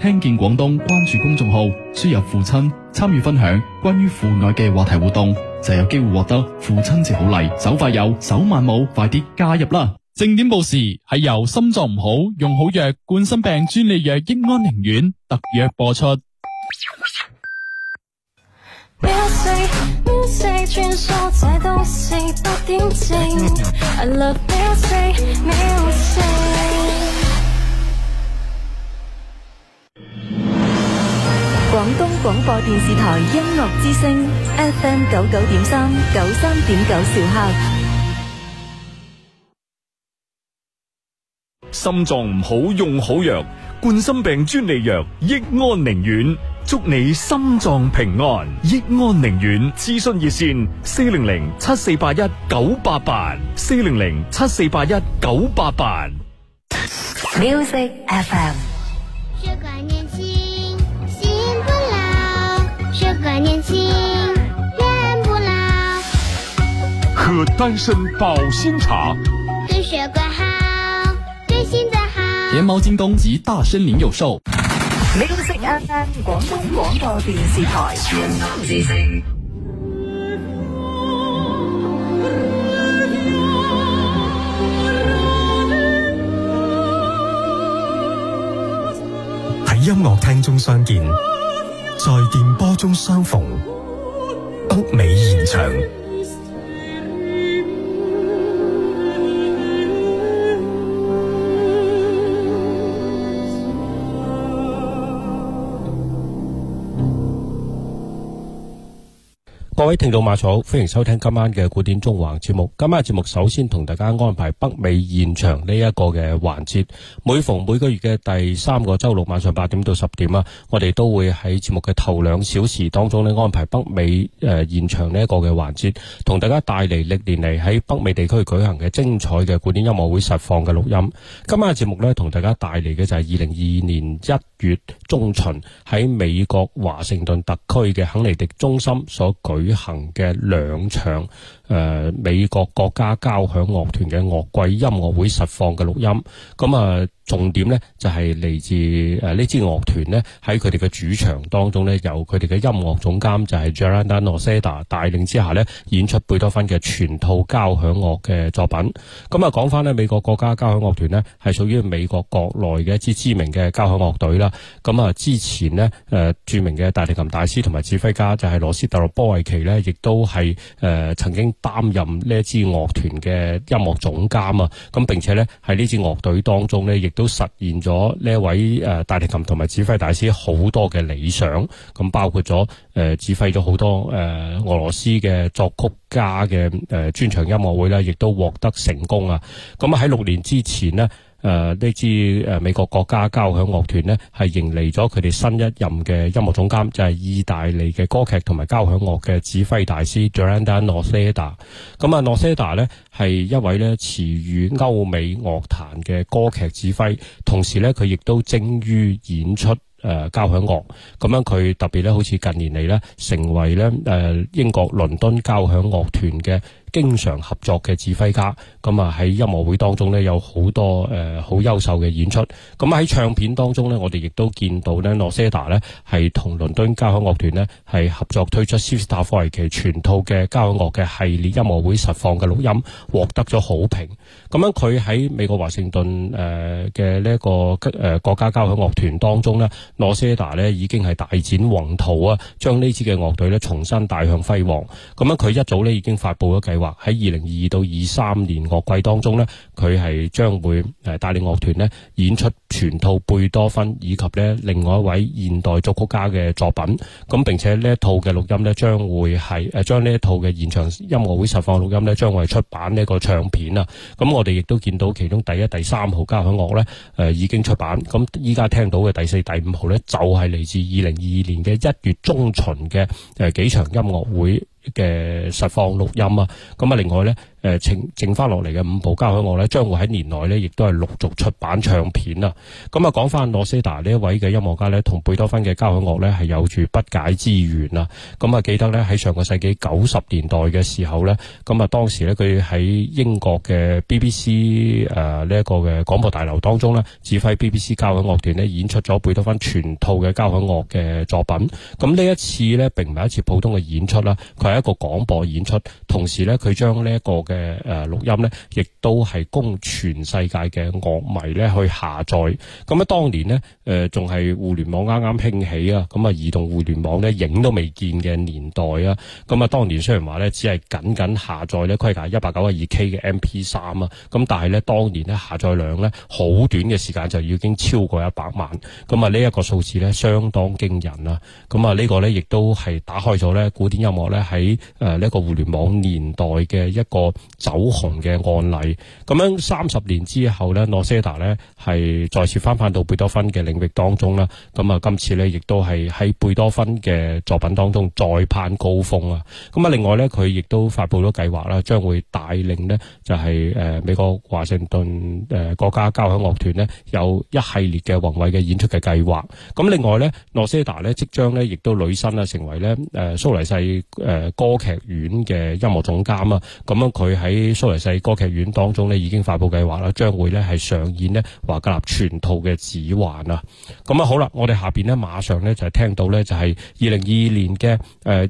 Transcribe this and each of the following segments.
聽見廣東，關注公眾號，輸入父親，參與分享關於父愛嘅話題活動，就有機會獲得父親節好禮。手快有，手慢冇，快啲加入啦！正點報時係由心臟唔好，用好藥，冠心病專利藥益安寧丸特約播出。 廣東廣播電視台音樂之聲 FM 九九點三九三點九兆赫，心臟唔好用好藥，冠心病專利藥益安寧丸，祝你心臟平安。益安寧丸，諮詢熱線四零零七四八一九八八，四零零七四八一九八八。Music FM。不喝丹參保心茶，對血管好，對心臟好。天貓、京東及大參林有售。美麗聲音，廣東廣播電視台。全都自在音樂廳中相見。在電波中相逢，北美現場。各位聽眾馬草，歡迎收聽今晚嘅古典縱橫節目。今晚嘅節目首先同大家安排北美現場呢一個嘅環節。每逢每個月嘅第三個周六晚上八點到十點啊，我哋都會喺節目嘅頭兩小時當中咧安排北美誒、呃、現場呢一個嘅環節，同大家帶嚟歷年嚟喺北美地區舉行嘅精彩嘅古典音樂會實況嘅錄音。今晚嘅節目咧同大家帶嚟嘅就係二零二二年一月中旬喺美國華盛頓特區嘅肯尼迪中心所舉。行嘅兩場，誒、呃，美國國家交響樂團嘅樂季音樂會實況嘅錄音，咁、嗯、啊、呃，重點呢就係、是、嚟自誒、呃、呢支樂團呢喺佢哋嘅主場當中呢，由佢哋嘅音樂總監就係 Gianandrea Noseda 帶領之下呢，演出貝多芬嘅全套交響樂嘅作品。咁、嗯、啊，講翻呢，美國國家交響樂團呢係屬於美國國內嘅一支知名嘅交響樂隊啦。咁、嗯、啊、嗯，之前呢誒、呃、著名嘅大提琴大師同埋指揮家就係羅斯特洛波維奇呢，亦都係誒、呃、曾經。擔任呢支樂團嘅音樂總監啊，咁並且呢喺呢支樂隊當中呢，亦都實現咗呢位誒大提琴同埋指揮大師好多嘅理想，咁包括咗誒指揮咗好多誒俄羅斯嘅作曲家嘅誒專場音樂會啦，亦都獲得成功啊！咁喺六年之前呢。誒、呃、呢支誒、呃、美國國家交響樂團呢係迎嚟咗佢哋新一任嘅音樂總監，就係、是、意大利嘅歌劇同埋交響樂嘅指揮大師 Gianandrea Noseda。咁、嗯、啊、嗯，Noseda 呢係一位呢馳譽歐美樂壇嘅歌劇指揮，同時呢佢亦都精於演出誒、呃、交響樂。咁樣佢特別咧，好似近年嚟呢成為呢、呃、英國倫敦交響樂團嘅經常合作嘅指揮家，咁啊喺音樂會當中呢有好多誒好、呃、優秀嘅演出。咁喺唱片當中呢我哋亦都見到呢諾西達呢係同倫敦交響樂團呢係合作推出肖斯塔科維奇全套嘅交響樂嘅系列音樂會實況嘅錄音，獲得咗好評。咁樣佢喺美國華盛頓誒嘅呢一個誒、呃、國家交響樂團當中呢諾西達呢已經係大展宏圖啊，將呢支嘅樂隊呢重新帶向輝煌。咁樣佢一早呢已經發布咗計劃。喺二零二二到二三年樂季當中呢佢係將會誒、呃、帶領樂團呢演出全套貝多芬以及呢另外一位現代作曲家嘅作品。咁並且呢一套嘅錄音呢，將會係誒、呃、將呢一套嘅現場音樂會實況錄音呢將會出版呢個唱片啊。咁我哋亦都見到其中第一、第三號交響樂呢誒、呃、已經出版。咁依家聽到嘅第四、第五號呢，就係、是、嚟自二零二二年嘅一月中旬嘅誒、呃、幾場音樂會。嘅實況錄音啊，咁啊，另外咧。誒、呃、剩剩翻落嚟嘅五部交響樂咧，將會喺年內咧，亦都係陸續出版唱片啦。咁、嗯、啊，講翻洛西達呢一位嘅音樂家咧，同貝多芬嘅交響樂咧係有住不解之緣啦。咁、嗯、啊，記得咧喺上個世紀九十年代嘅時候咧，咁、嗯、啊當時咧佢喺英國嘅 BBC 呃呢一，這個嘅廣播大樓當中咧，指揮 BBC 交響樂團咧演出咗貝多芬全套嘅交響樂嘅作品。咁、嗯、呢一次咧並唔係一次普通嘅演出啦，佢係一個廣播演出，同時咧佢將呢一個嘅嘅誒錄音呢亦都係供全世界嘅樂迷呢去下載。咁啊當年呢，誒仲係互聯網啱啱興起啊，咁啊移動互聯網呢影都未見嘅年代啊。咁啊當年雖然話呢，只係僅僅下載呢規格一百九十二 K 嘅 MP 三啊，咁但係呢，當年呢下載量呢，好短嘅時間就已經超過一百萬，咁啊呢一個數字呢相當驚人啦。咁啊呢個呢，亦都係打開咗呢古典音樂呢，喺誒呢一個互聯網年代嘅一個。走紅嘅案例，咁樣三十年之後呢，諾塞達呢係再次翻返返到貝多芬嘅領域當中啦。咁啊，今次呢亦都係喺貝多芬嘅作品當中再攀高峰啊。咁啊，另外呢，佢亦都發佈咗計劃啦，將會帶領呢就係誒美國華盛頓誒國家交響樂團呢有一系列嘅宏偉嘅演出嘅計劃。咁另外呢，諾塞達呢即將呢亦都履新啊，成為呢誒蘇黎世誒歌劇院嘅音樂總監啊。咁樣佢。喺蘇黎世歌劇院當中呢已經發佈計劃啦，將會呢係上演咧華格納全套嘅《指環》啊！咁啊好啦，我哋下邊呢，馬上呢就係聽到呢，就係二零二二年嘅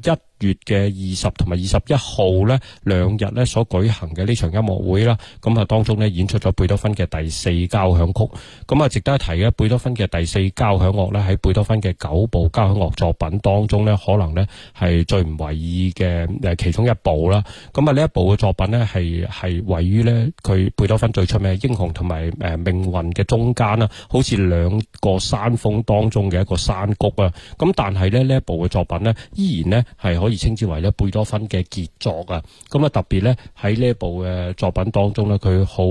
誒一月嘅二十同埋二十一號咧，兩日咧所舉行嘅呢場音樂會啦，咁啊當中咧演出咗貝多芬嘅第四交響曲，咁啊值得一提嘅，貝多芬嘅第四交響樂咧喺貝多芬嘅九部交響樂作品當中咧，可能咧係最唔為意嘅誒其中一部啦。咁啊呢一部嘅作品咧係係位於咧佢貝多芬最出名嘅英雄同埋誒命運嘅中間啦，好似兩個山峰當中嘅一個山谷啊。咁但係咧呢一部嘅作品咧依然咧係。可以稱之為咧貝多芬嘅傑作啊！咁啊特別咧喺呢一部嘅作品當中咧，佢好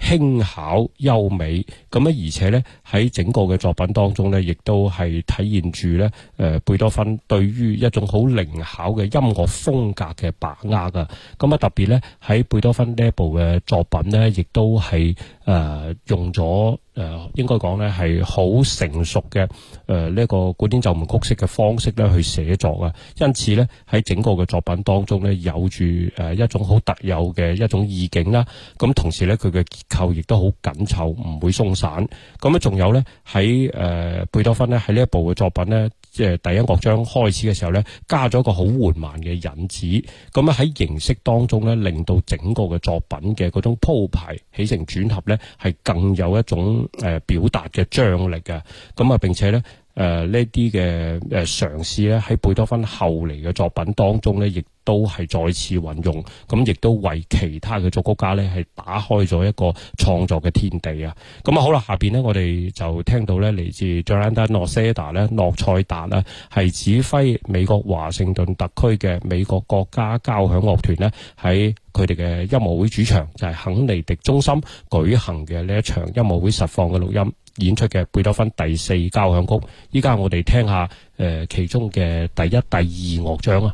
輕巧優美咁啊，而且咧喺整個嘅作品當中咧，亦都係體現住咧誒貝多芬對於一種好靈巧嘅音樂風格嘅把握啊！咁啊特別咧喺貝多芬呢部嘅作品咧，亦都係誒用咗。誒，應該講咧係好成熟嘅，誒，呢一個古典奏鳴曲式嘅方式咧去寫作啊，因此咧喺整個嘅作品當中咧有住誒一種好特有嘅一種意境啦，咁同時咧佢嘅結構亦都好緊湊，唔會鬆散。咁咧仲有咧喺誒貝多芬咧喺呢一部嘅作品咧。即係第一樂章開始嘅時候呢，加咗一個好緩慢嘅引子，咁啊喺形式當中呢，令到整個嘅作品嘅嗰種鋪排起承轉合呢，係更有一種誒表達嘅張力嘅，咁啊並且呢。誒呢啲嘅嘗試咧，喺貝多芬後嚟嘅作品當中咧，亦都係再次運用，咁亦都為其他嘅作曲家咧係打開咗一個創作嘅天地啊！咁、嗯、啊好啦，下面呢我哋就聽到咧嚟自 Gianandrea Noseda 咧諾塞達啦，係指揮美國華盛頓特區嘅美國國家交響樂團咧喺佢哋嘅音樂會主場就係、是、肯尼迪中心舉行嘅呢一場音樂會實況嘅錄音。演出嘅貝多芬第四交響曲，依家我哋聽一下誒、呃、其中嘅第一、第二樂章啊。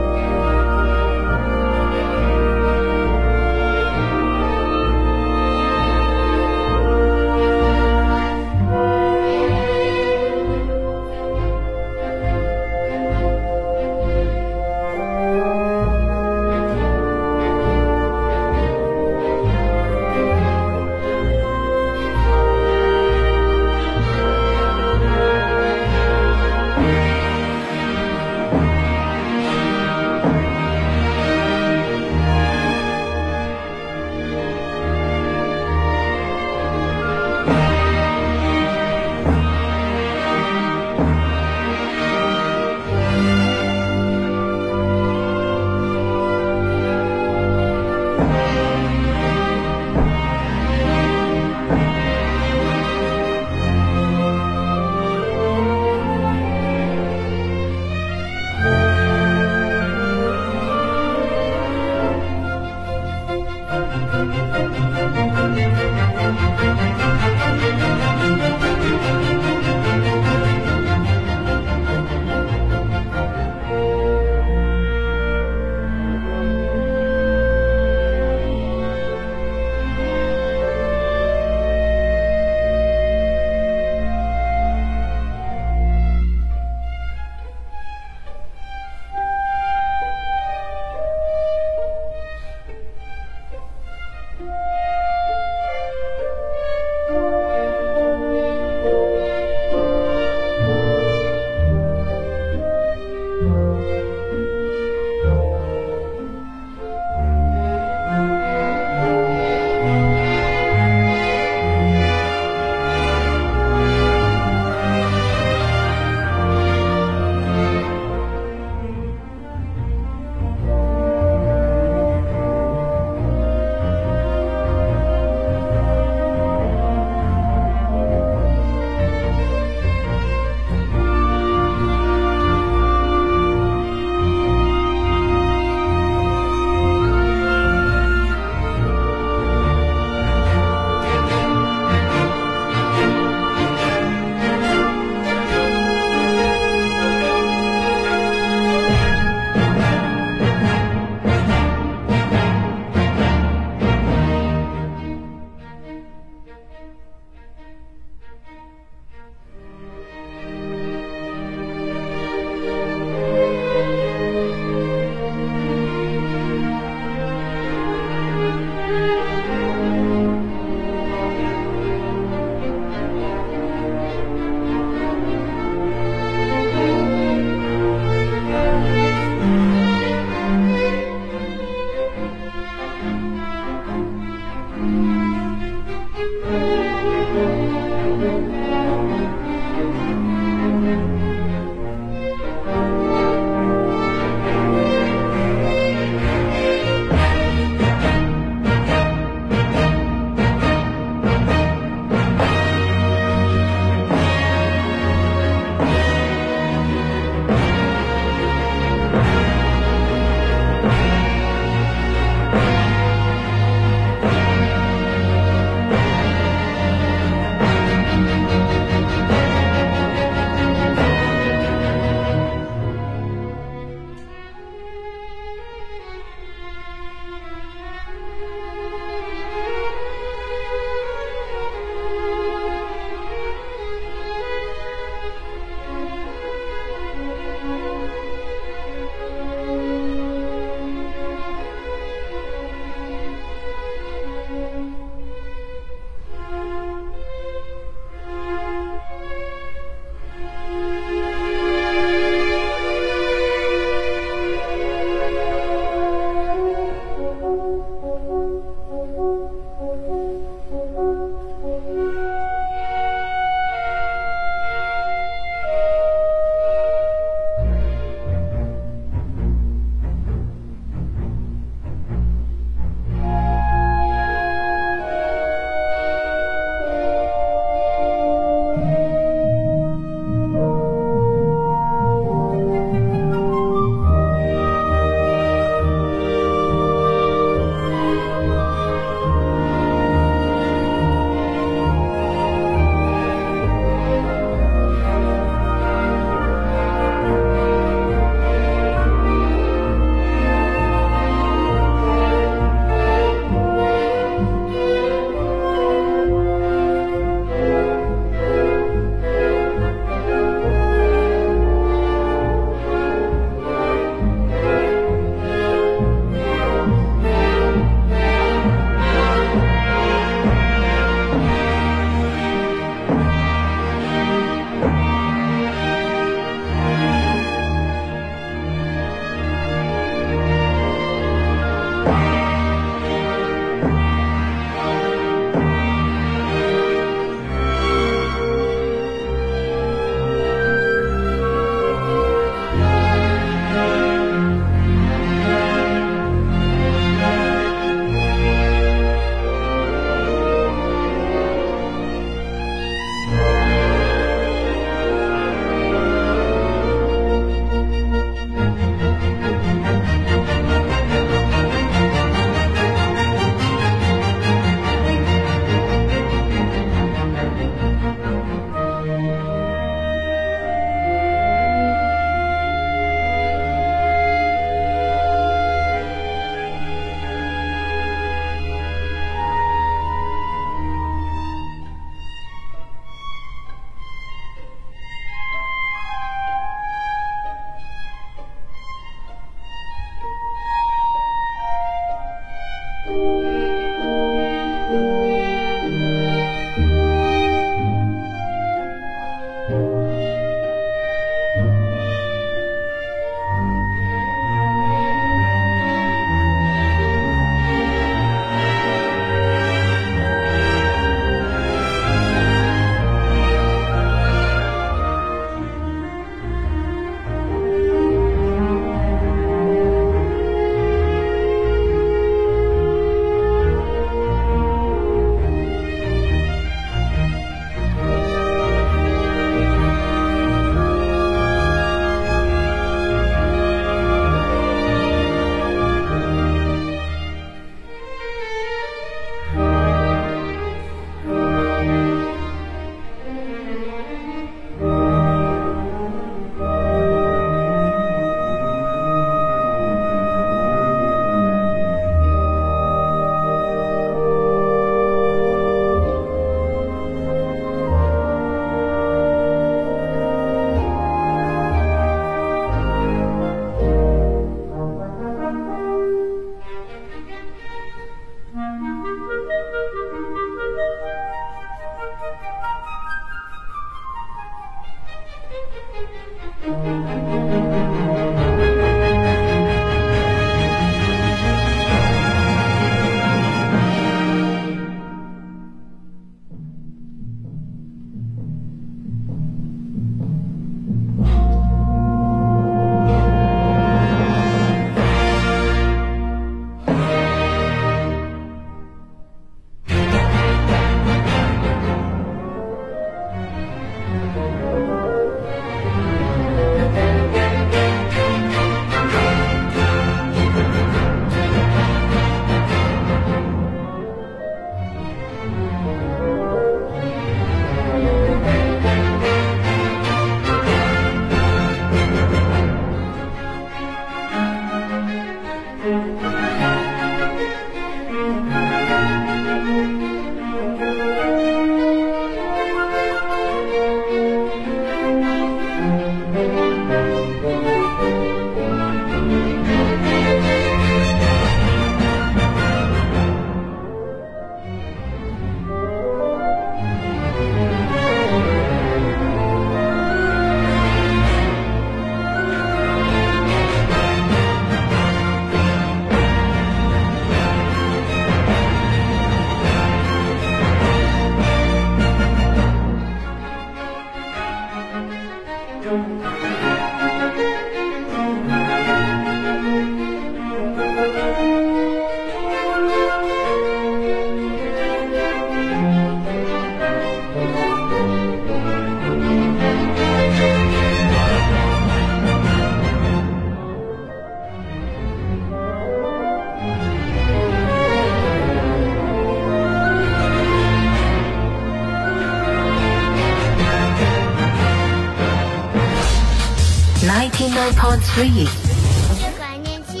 可以。血管年輕，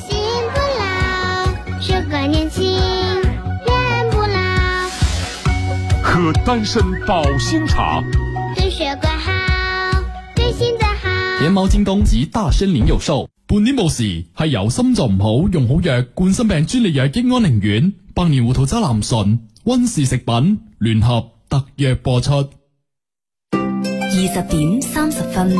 心不老；血管年輕，人不老。喝丹參保心茶，對血管好，對心臟好。天貓、京東及大參林有售。半年無事，係由心就唔好用好藥。冠心病專利藥益安寧丸，百年胡桃渣南順温氏食品聯合特約播出。二十點三十分。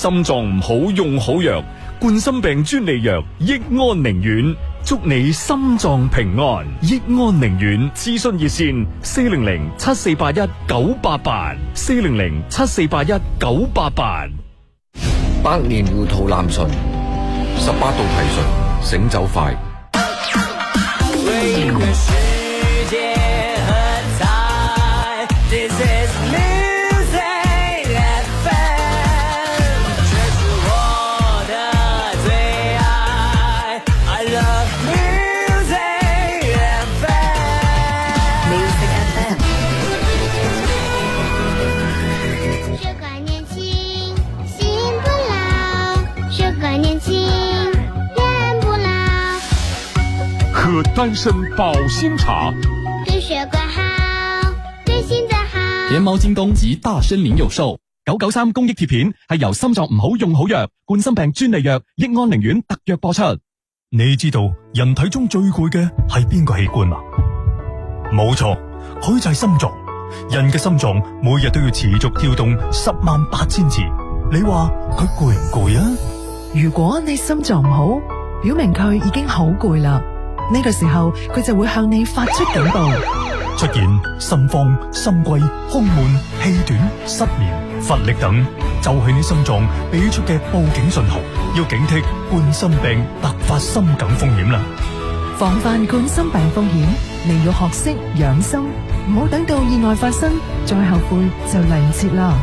心臟唔好用好藥，冠心病專利藥益安寧丸，祝你心臟平安。益安寧丸，諮詢熱線四零零七四八一九八八，四零零七四八一九八八。百年糊塗南純，十八度提純醒酒快。嗯單身保心茶，對血管好，對心臟好。天貓、京東及大生林有售。九九三公益貼片係由心臟唔好用好藥，冠心病專利藥益安寧丸特約播出。你知道人體中最攰嘅係邊個器官啊？冇錯，佢就係心臟。人嘅心臟每日都要持續跳動十萬八千次。你話佢攰唔攰啊？如果你心臟唔好，表明佢已經好攰啦。呢個時候，佢就會向你發出警報，出現心慌、心悸、胸悶、氣短、失眠、乏力等，就係你心臟俾出嘅報警信號，要警惕冠心病突發心梗風險啦。防範冠心病風險，你要學識養生，唔好等到意外發生再後悔就嚟唔切啦。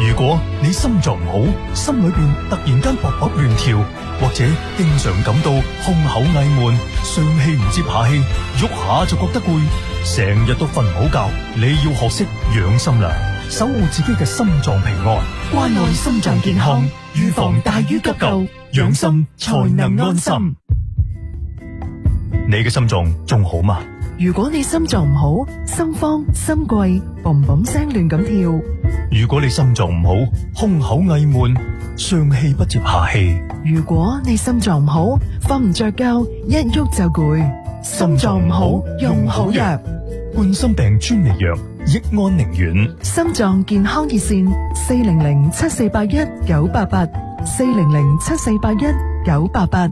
如果你心臟唔好，心裏邊突然間勃勃亂跳，或者經常感到胸口翳悶、上氣唔接下氣，喐下就覺得攰，成日都瞓唔好覺，你要學識養心啦，守護自己嘅心臟平安。關愛心臟健康，預防大於急救，養心才能安心。你嘅心臟仲好嗎？如果你心臟唔好，心慌心悸，嘣嘣聲亂咁跳；如果你心臟唔好，胸口翳悶，上氣不接下氣；如果你心臟唔好，瞓唔着覺，一喐就攰。心臟唔好，用好藥，冠心病專利藥益安寧丸。心臟健康熱線：四零零七四八一九八八，四零零七四八一九八八。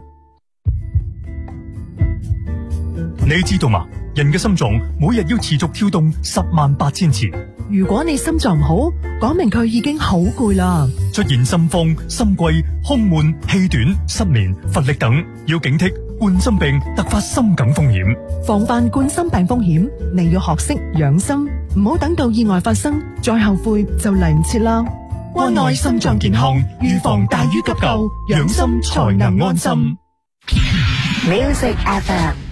你知道嗎？人嘅心臟每日要持續跳動十萬八千次。如果你心臟唔好，講明佢已經好攰啦。出現心慌、心悸、胸悶、氣短、失眠、乏力等，要警惕冠心病突發心梗風險。防範冠心病風險，你要學識養心，唔好等到意外發生再後悔就嚟唔切啦。關愛心臟健康，預防大於急救，養心才能安心。Music FM。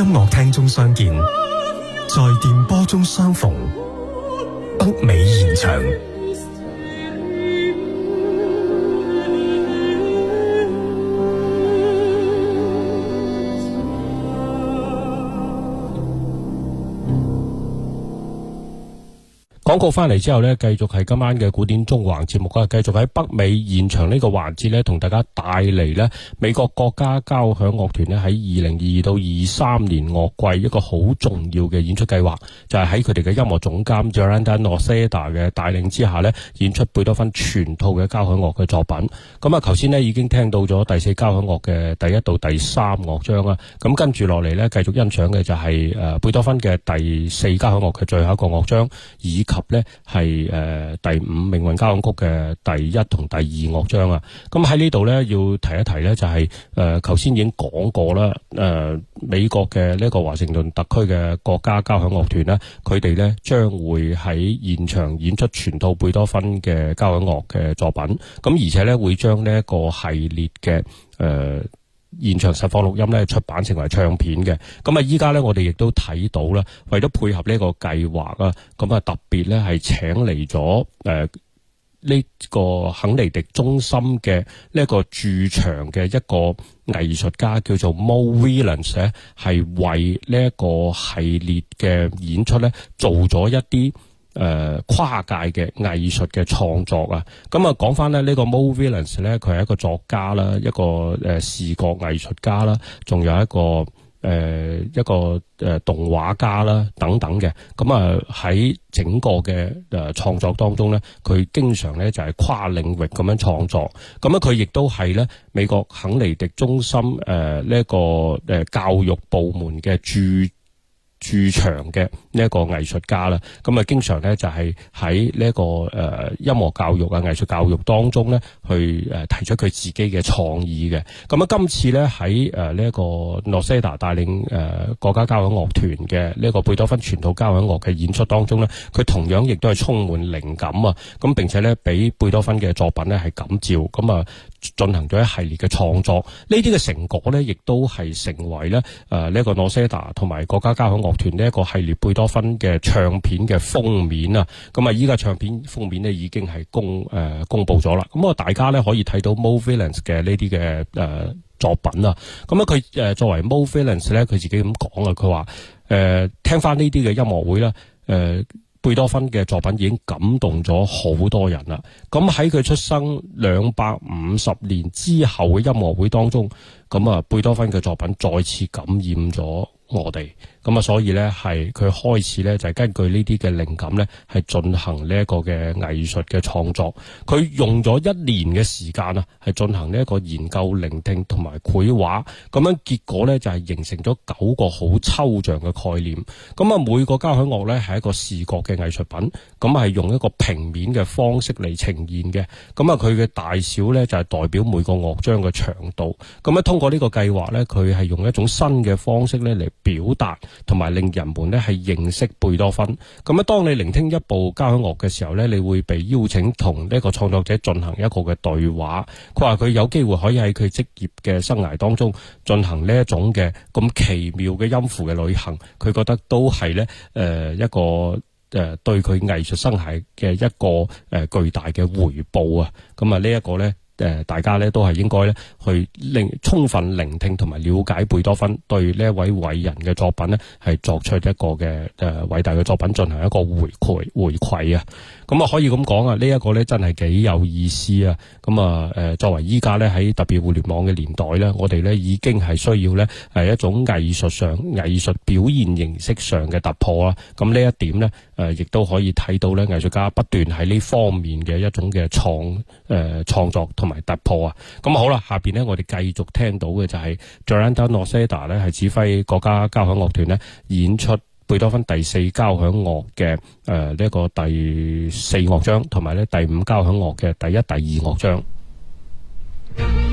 音樂廳中相見，在電波中相逢，北美現場。廣告翻嚟之後呢，繼續係今晚嘅古典縱橫節目啊！繼續喺北美現場個環節，呢個環節呢，同大家帶嚟呢，美國國家交響樂團呢，喺二零二二到二三年樂季一個好重要嘅演出計劃，就係喺佢哋嘅音樂總監 Gianandrea Noseda 嘅帶領之下呢，演出貝多芬全套嘅交響樂嘅作品。咁啊，頭先呢已經聽到咗第四交響樂嘅第一到第三樂章啦。咁跟住落嚟呢，繼續欣賞嘅就係誒貝多芬嘅第四交響樂嘅最後一個樂章以及。及咧係誒第五命運交響曲嘅第一同第二樂章啊，咁喺呢度咧要提一提咧就係、是、誒，頭、呃、先已經講過啦，誒、呃、美國嘅呢個華盛頓特區嘅國家交響樂團咧，佢哋咧將會喺現場演出全套貝多芬嘅交響樂嘅作品，咁而且咧會將呢一個系列嘅誒。呃現場實況錄音咧出版成為唱片嘅，咁啊依家咧我哋亦都睇到啦。為咗配合呢個計劃啊，咁啊特別咧係請嚟咗誒呢個肯尼迪中心嘅呢一個駐場嘅一個藝術家叫做 Mo Willems 咧，係為呢一個系列嘅演出咧做咗一啲，誒、呃、跨界嘅藝術嘅創作啊，咁啊講翻咧呢個 Mo Willems 咧，佢係一個作家啦，一個誒、呃、視覺藝術家啦，仲有一個誒、呃、一個誒、呃、動畫家啦等等嘅，咁啊喺整個嘅誒、呃、創作當中咧，佢經常咧就係跨領域咁樣創作，咁、呃、啊，佢亦都係咧美國肯尼迪中心誒呢一個誒教育部門嘅駐。駐場嘅呢一個藝術家啦，咁啊，經常咧就係喺呢一個、呃、音樂教育啊、藝術教育當中咧，去誒、呃、提出佢自己嘅創意嘅。咁啊，今次咧喺誒呢一 c e 西 a 帶領誒、呃、國家交響樂團嘅呢個個貝多芬全套交響樂嘅演出當中咧，佢同樣亦都係充滿靈感啊！咁並且咧，俾貝多芬嘅作品咧係感召咁啊。進行咗一系列嘅創作，呢啲嘅成果咧，亦都係成為咧誒呢一個諾塞 a 同埋國家交響樂團呢一個系列貝多芬嘅唱片嘅封面啊！咁啊，依家唱片封面咧已經係公誒、呃、公布咗啦。咁啊，大家咧可以睇到 Mo v i l l a n s 嘅呢啲嘅誒作品啊。咁啊，佢誒作為 Mo v i l l a n s 咧，佢自己咁講啊，佢話誒聽翻呢啲嘅音樂會啦。誒、呃。貝多芬嘅作品已經感動咗好多人啦，咁喺佢出生兩百五十年之後嘅音樂會當中，咁啊，貝多芬嘅作品再次感染咗我哋。咁啊，所以咧，係佢開始咧，就係根據呢啲嘅靈感咧，係進行呢一個嘅藝術嘅創作。佢用咗一年嘅時間啊，係進行呢一個研究、聆聽同埋繪畫，咁樣結果咧，就係形成咗九個好抽象嘅概念。咁啊，每個交響樂咧係一個視覺嘅藝術品，咁係用一個平面嘅方式嚟呈現嘅。咁啊，佢嘅大小咧就係代表每個樂章嘅長度。咁啊，通過呢個計劃咧，佢係用一種新嘅方式咧嚟表達。同埋令人們呢係認識貝多芬咁啊。當你聆聽一部交響樂嘅時候呢，你會被邀請同呢個創作者進行一個嘅對話。佢話佢有機會可以喺佢職業嘅生涯當中進行呢一種嘅咁奇妙嘅音符嘅旅行，佢覺得都係呢誒一個誒、呃、對佢藝術生涯嘅一個誒巨大嘅回報啊。咁、嗯、啊，呢、這、一個呢。誒、呃，大家咧都係應該咧去聆充分聆聽同埋了解貝多芬，對呢一位偉人嘅作品咧係作出一個嘅誒、呃、偉大嘅作品進行一個回饋回，回饋啊！咁、嗯、啊，可以咁講啊，呢、這、一個咧真係幾有意思啊！咁、嗯、啊，誒、呃，作為依家咧喺特別互聯網嘅年代咧，我哋咧已經係需要咧係一種藝術上藝術表現形式上嘅突破啦、啊！咁、嗯、呢一點咧。誒、呃，亦都可以睇到咧，藝術家不斷喺呢方面嘅一種嘅創誒創作同埋突破啊！咁、嗯、好啦，下邊呢，我哋繼續聽到嘅就係 Gianandrea Noseda 咧，係指揮國家交響樂團咧演出貝多芬第四交響樂嘅誒呢一個第四樂章，同埋咧第五交響樂嘅第一、第二樂章。嗯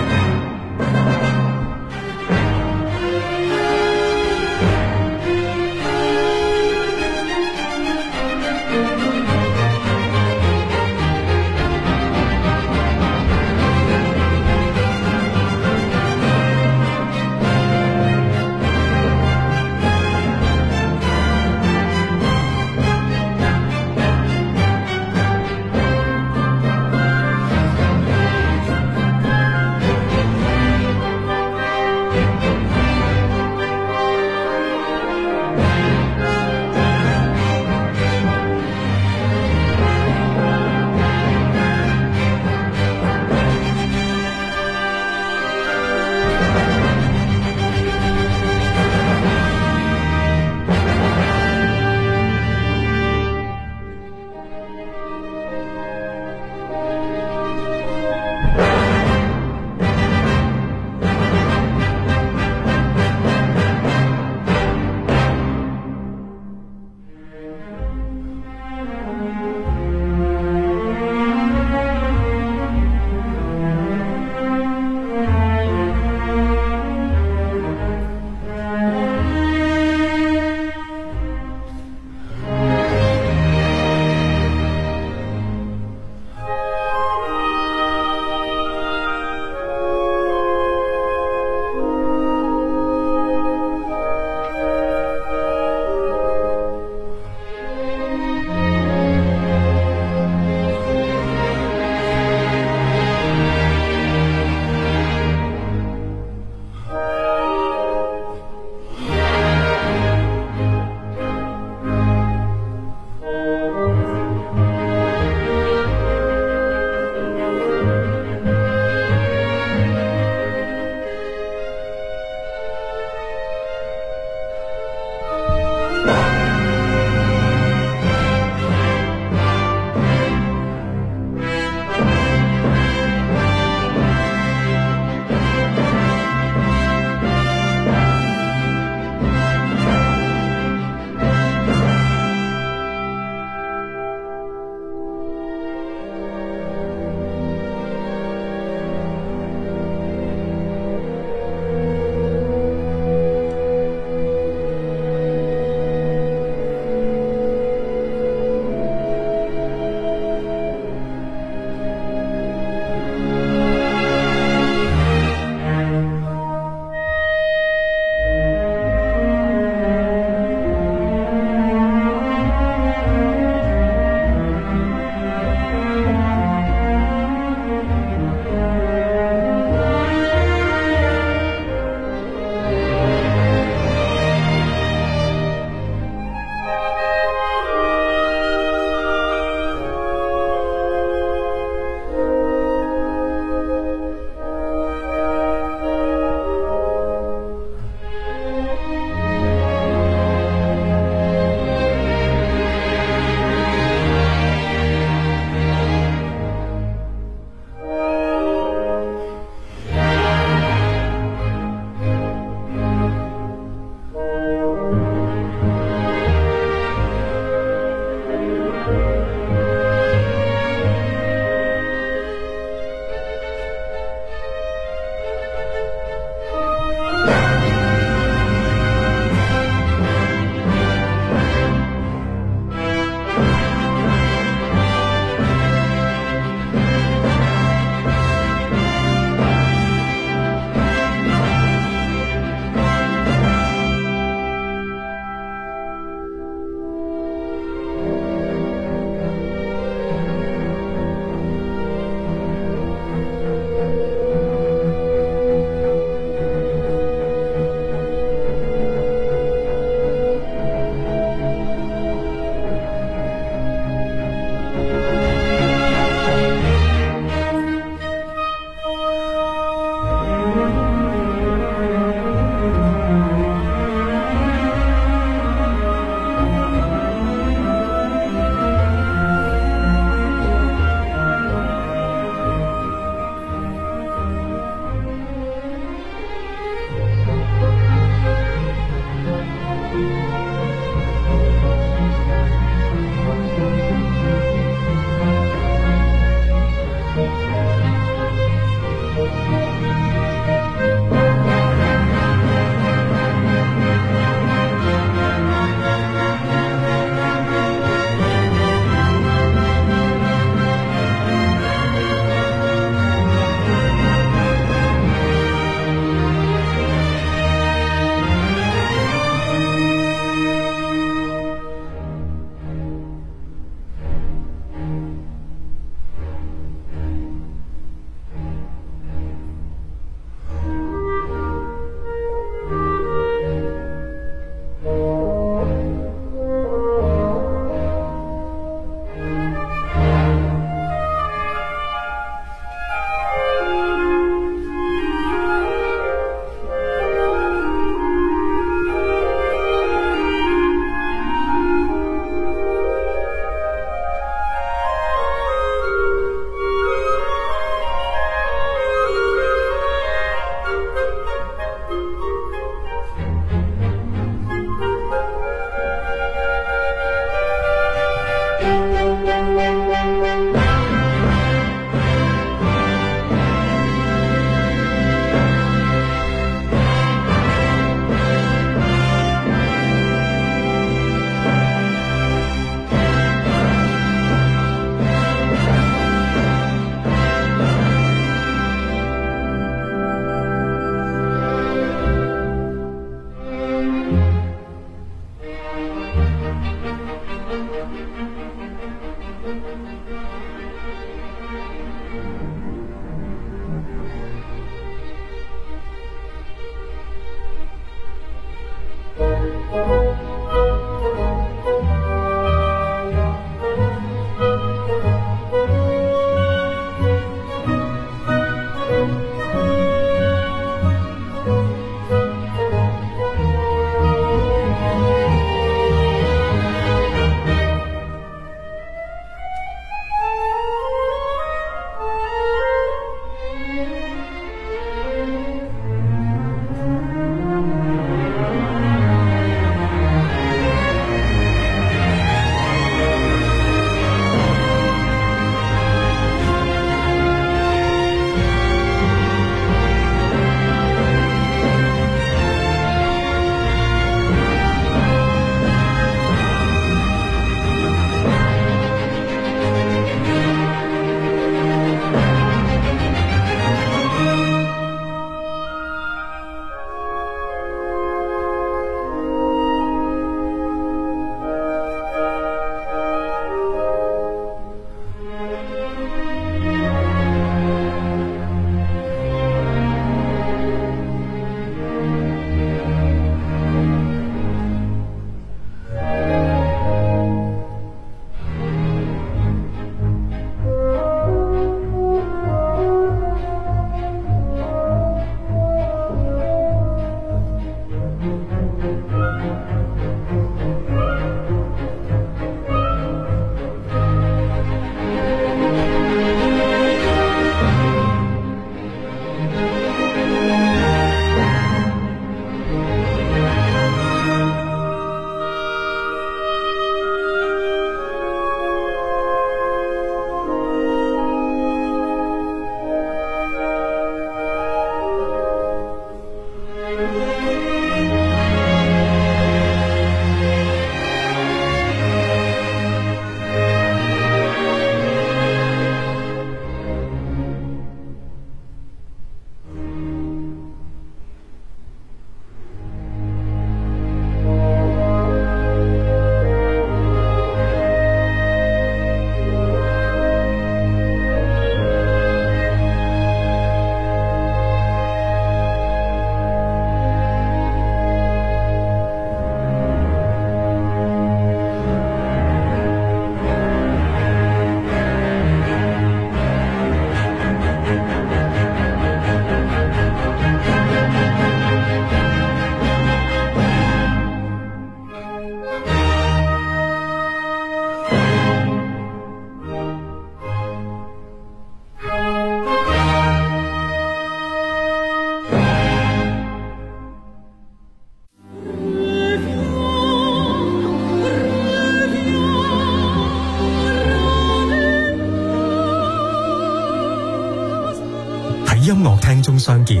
中相見，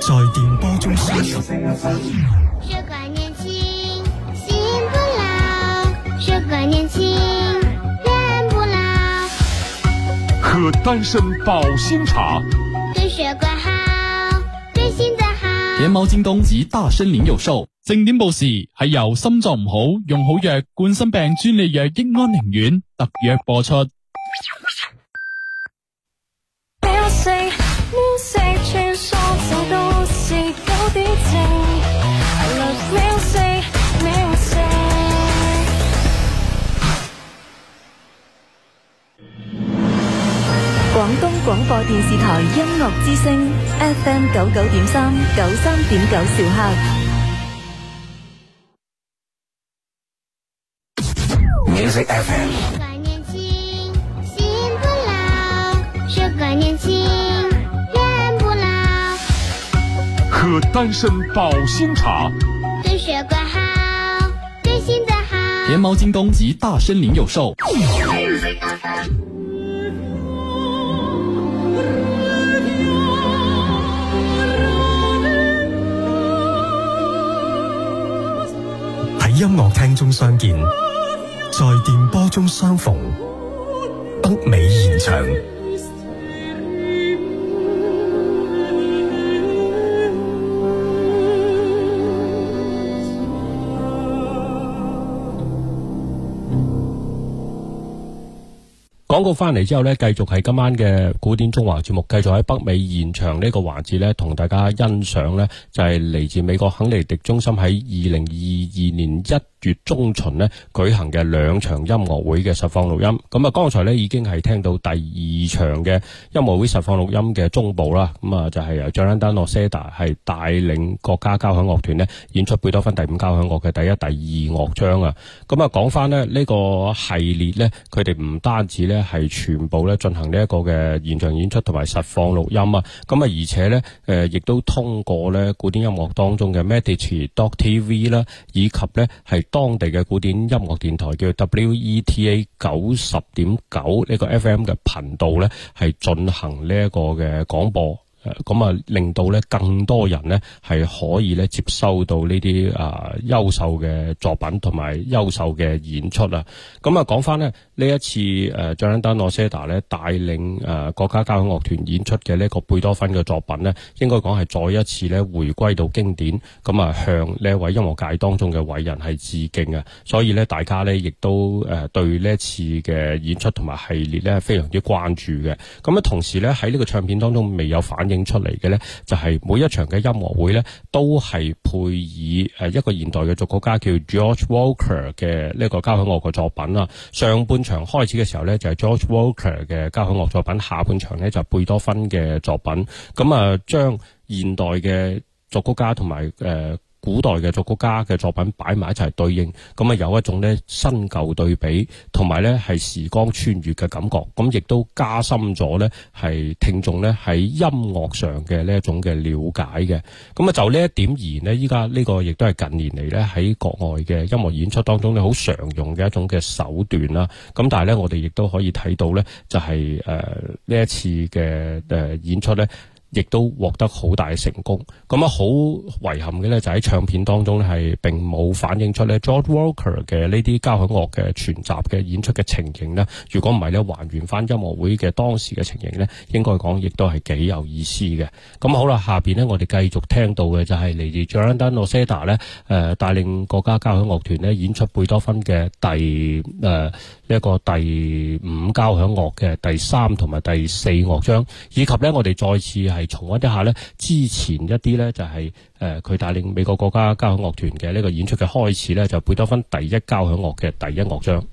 在電波中相識。血管年輕，心不老。血管年輕，心不老。喝丹參保心茶，對血管好，對心臟好。天貓京東及大森林有售，正點報時係由心臟唔好，用好藥冠心病專利藥益安寧丸特約播出。廣東廣播電視台音樂之聲 FM 九九點三九三點九兆赫。music FM。心不老，血管年輕，人不老。喝丹參保心茶，對血管好，對心的好。天貓、京東及大參林有售。 音樂廳中相見，在電波中相逢，北美現場。廣告翻嚟之後呢，繼續係今晚嘅古典中華節目，繼續喺北美現場呢個環節呢，同大家欣賞呢，就係嚟自美國肯尼迪中心喺二零二二年一月中旬咧舉行嘅兩場音樂會嘅實況錄音，咁啊剛才咧已經係聽到第二場嘅音樂會實況錄音嘅中部啦，咁、嗯、啊就係、是、由 Gianandrea Noseda 係帶領國家交響樂團咧演出貝多芬第五交響樂嘅第一、第二樂章啊，咁啊講翻咧呢、這個系列咧，佢哋唔單止咧係全部咧進行呢一個嘅現場演出同埋實況錄音啊，咁、嗯、啊而且咧誒亦都通過咧古典音樂當中嘅 Medici.tv 啦，以及咧係。當地嘅古典音樂電台叫 WETA 九十點九呢個 FM 嘅頻道咧，係進行呢一個嘅廣播。誒咁啊，令到咧更多人咧係可以咧接收到呢啲啊優秀嘅作品同埋優秀嘅演出啦。咁啊講翻咧呢一次誒 Gianandrea Noseda 咧帶領誒國家交響樂團演出嘅呢個貝多芬嘅作品咧，應該講係再一次咧回歸到經典，咁啊向呢一位音樂界當中嘅偉人係致敬嘅。所以咧，大家咧亦都誒對呢一次嘅演出同埋系列咧非常之關注嘅。咁、嗯、啊，同時咧喺呢個唱片當中未有反映。影出嚟嘅呢，就係每一場嘅音樂會呢，都係配以誒一個現代嘅作曲家叫 George Walker 嘅呢一個交響樂嘅作品啦。上半場開始嘅時候呢，就係 George Walker 嘅交響樂作品，下半場呢，就貝多芬嘅作品。咁啊，將現代嘅作曲家同埋誒，呃古代嘅作曲家嘅作品擺埋一齊對應，咁啊有一種咧新舊對比，同埋咧係時光穿越嘅感覺，咁亦都加深咗咧係聽眾咧喺音樂上嘅呢一種嘅了解嘅。咁啊就呢一點而言咧，依家呢個亦都係近年嚟咧喺國外嘅音樂演出當中咧好常用嘅一種嘅手段啦。咁但係咧，我哋亦都可以睇到咧、就係，就係誒呢一次嘅誒、呃、演出咧。亦都獲得好大嘅成功，咁啊好遺憾嘅咧，就喺唱片當中咧係並冇反映出咧 George Walker 嘅呢啲交響樂嘅全集嘅演出嘅情形呢，如果唔係咧，還原翻音樂會嘅當時嘅情形呢，應該講亦都係幾有意思嘅。咁好啦，下邊呢，我哋繼續聽到嘅就係嚟自 Gianandrea Noseda 呢、呃，誒帶領國家交響樂團咧演出貝多芬嘅第誒。呃呢個第五交響樂嘅第三同埋第四樂章，以及呢我哋再次係重溫一下呢之前一啲呢就係誒佢帶領美國國家交響樂團嘅呢個演出嘅開始呢就係貝多芬第一交響樂嘅第一樂章。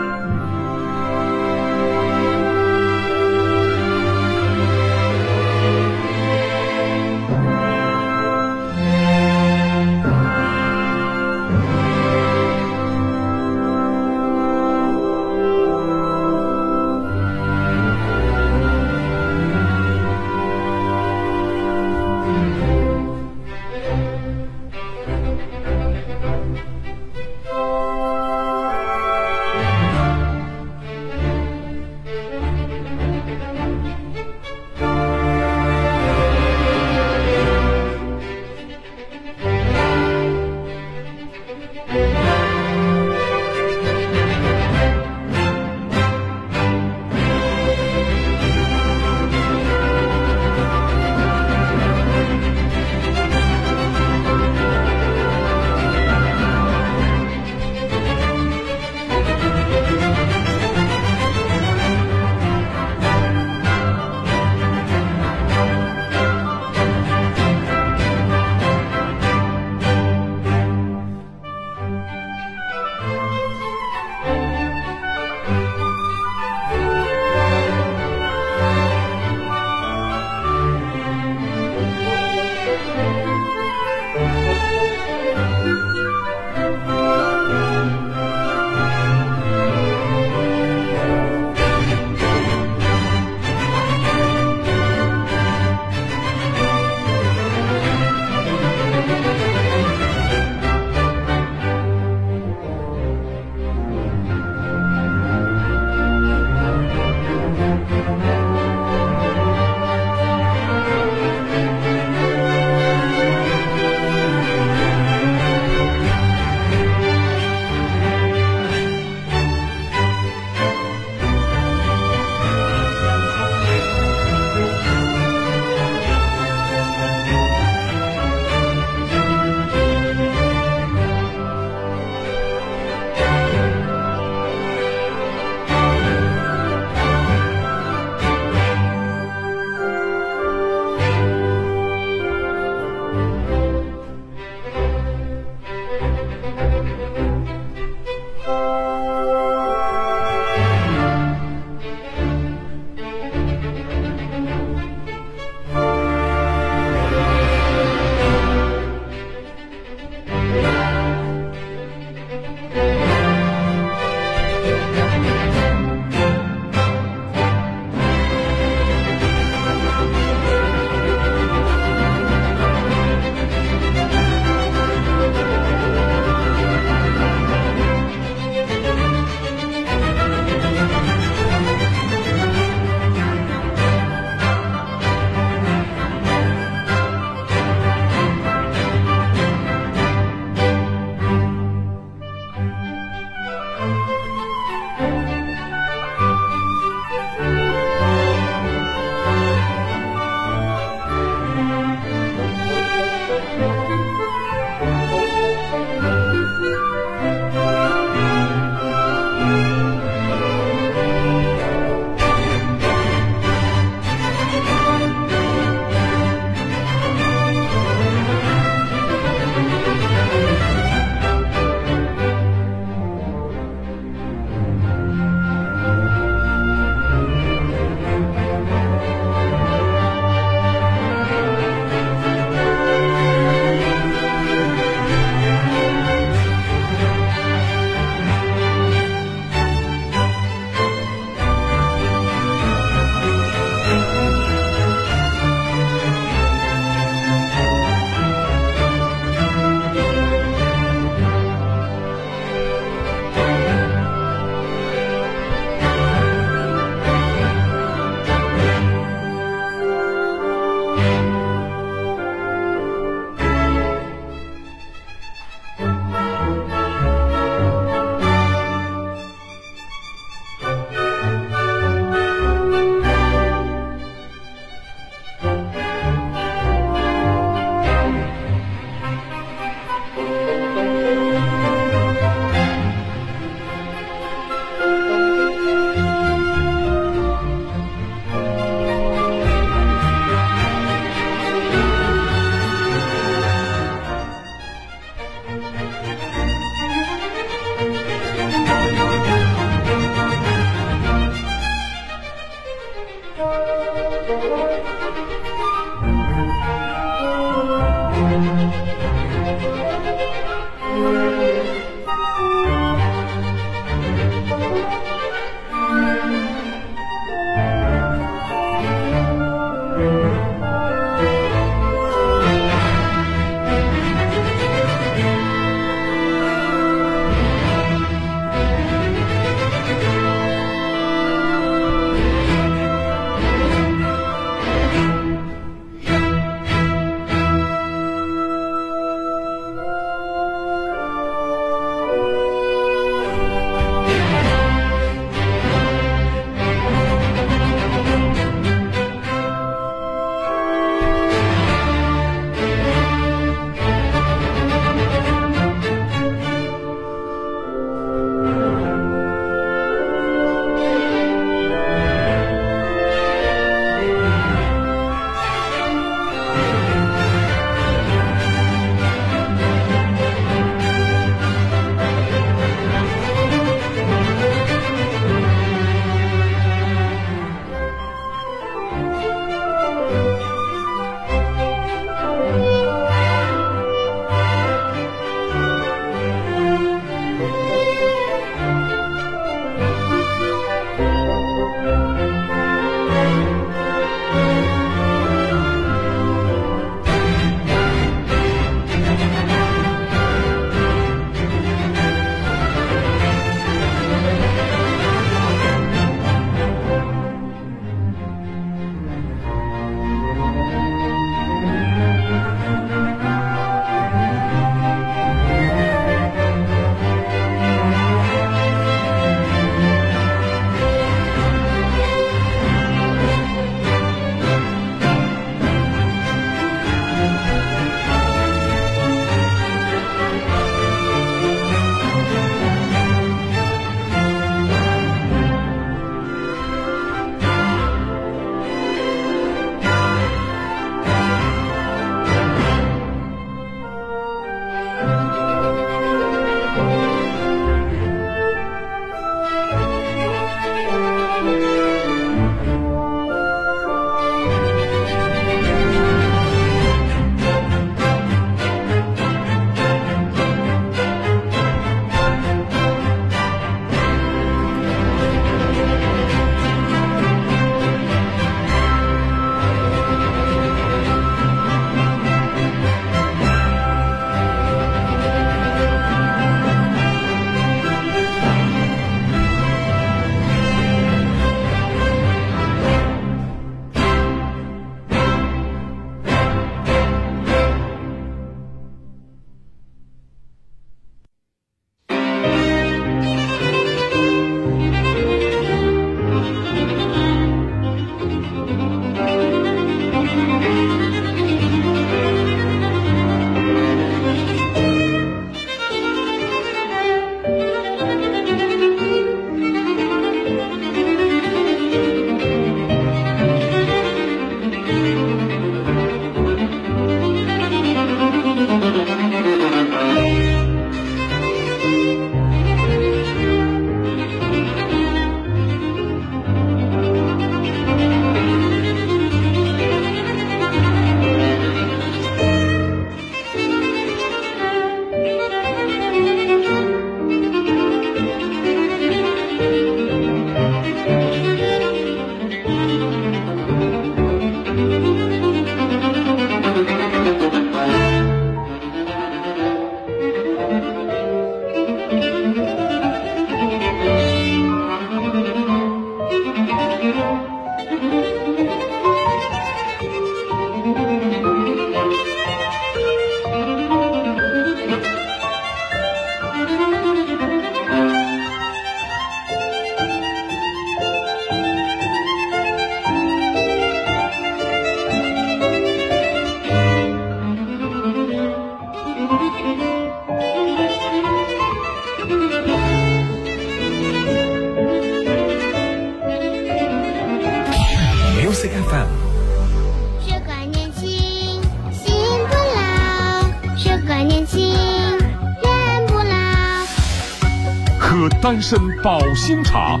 人參保心茶，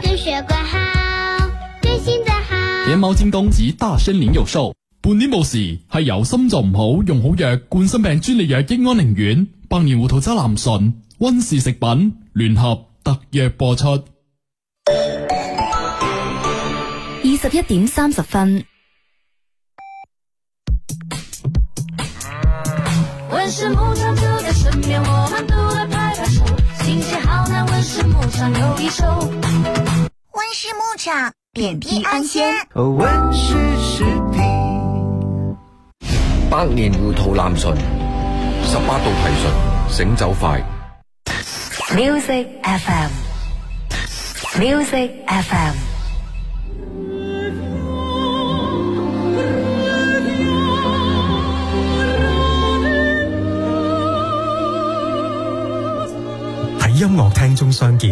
對血管好，對心臟好。天貓京東及大參林有售。本節目係由心臟唔好用好藥，冠心病專利藥益安寧丸，百年胡桃汁南順，温氏食品聯合特約播出。二十一點三十分。溫室牧場，點滴安心。溫室食品、oh, right.，百年糊塗南巡，十八度提純，醒酒快。Music FM。Music FM。音樂廳中相見，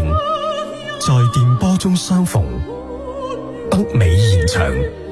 在電波中相逢，北美現場。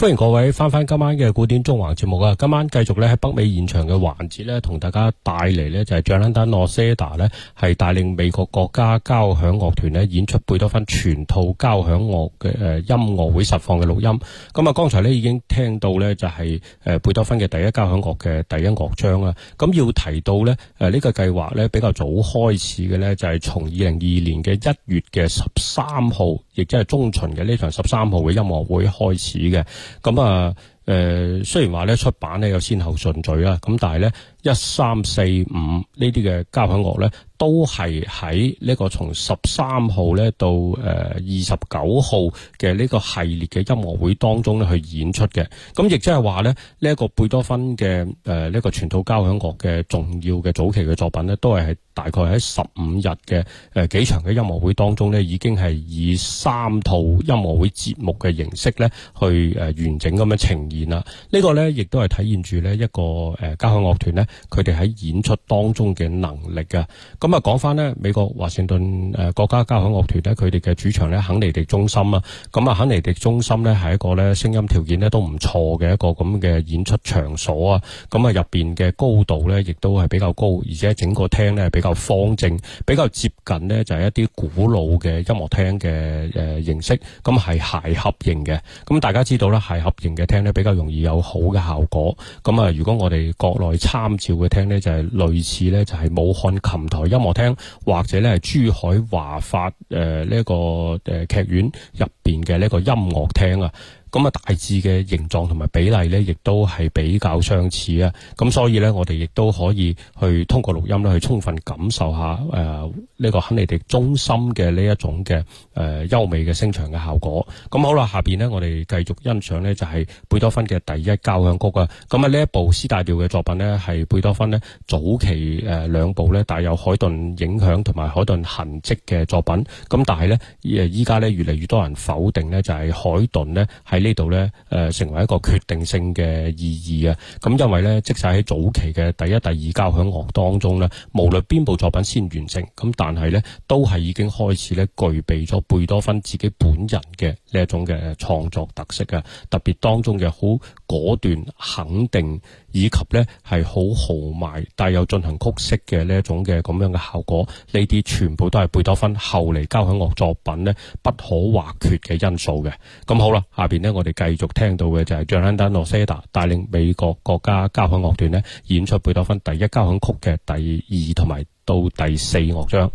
歡迎各位翻翻今晚嘅古典縱橫節目啊！今晚繼續咧喺北美現場嘅環節咧，同大家帶嚟呢，就係 Gianandrea Noseda 呢，係帶領美國國家交響樂團咧演出貝多芬全套交響樂嘅誒音樂會實況嘅錄音。咁啊，剛才咧已經聽到咧就係誒貝多芬嘅第一交響樂嘅第一樂章啦。咁要提到咧誒呢個計劃咧比較早開始嘅咧，就係從二零二二年嘅一月嘅十三號，亦即係中旬嘅呢場十三號嘅音樂會開始嘅。咁啊，誒、呃，雖然話咧出版咧有先後順序啦，咁但係咧。一三四五呢啲嘅交響樂咧，都係喺呢個從十三號咧到誒二十九號嘅呢個系列嘅音樂會當中咧去演出嘅。咁亦即係話咧，呢、這、一個貝多芬嘅誒呢個全套交響樂嘅重要嘅早期嘅作品咧，都係大概喺十五日嘅誒幾場嘅音樂會當中咧，已經係以三套音樂會節目嘅形式咧去誒、呃、完整咁樣呈現啦。這個、呢個咧亦都係體現住咧一個誒、呃、交響樂團咧。佢哋喺演出當中嘅能力嘅，咁啊講翻咧，美國華盛頓誒國家交響樂團咧，佢哋嘅主場咧肯尼迪中心啊，咁啊肯尼迪中心咧係一個咧聲音條件咧都唔錯嘅一個咁嘅演出場所啊，咁啊入邊嘅高度咧亦都係比較高，而且整個廳咧比較方正，比較接近咧就係一啲古老嘅音樂廳嘅誒形式，咁係鞋盒型嘅，咁大家知道咧鞋盒型嘅廳咧比較容易有好嘅效果，咁啊如果我哋國內參照嘅廳咧，就係類似咧，就係武漢琴台音樂廳，或者咧係珠海華發誒呢個誒劇院入邊嘅呢個音樂廳啊。咁啊，大致嘅形狀同埋比例咧，亦都係比較相似啊！咁所以咧，我哋亦都可以去通過錄音咧，去充分感受下誒呢個肯尼迪中心嘅呢一種嘅誒優美嘅聲場嘅效果。咁好啦，下邊咧我哋繼續欣賞咧，就係貝多芬嘅第一交響曲啊！咁啊，呢一部 C 大調嘅作品咧，係貝多芬咧早期誒兩部咧帶有海頓影響同埋海頓痕跡嘅作品。咁但係咧，誒依家咧越嚟越多人否定咧，就係海頓咧係。呢度呢誒，成為一個決定性嘅意義啊。咁因為呢，即使喺早期嘅第一、第二交響樂當中呢，無論邊部作品先完成，咁但係呢，都係已經開始呢，具備咗貝多芬自己本人嘅呢一種嘅創作特色啊。特別當中嘅好果斷肯定。以及呢，係好豪邁，但又進行曲式嘅呢一種嘅咁樣嘅效果，呢啲全部都係貝多芬後嚟交響樂作品呢不可或缺嘅因素嘅。咁好啦，下邊呢，我哋繼續聽到嘅就係 Gianandrea Noseda 帶領美國國家交響樂團呢演出貝多芬第一交響曲嘅第二同埋到第四樂章。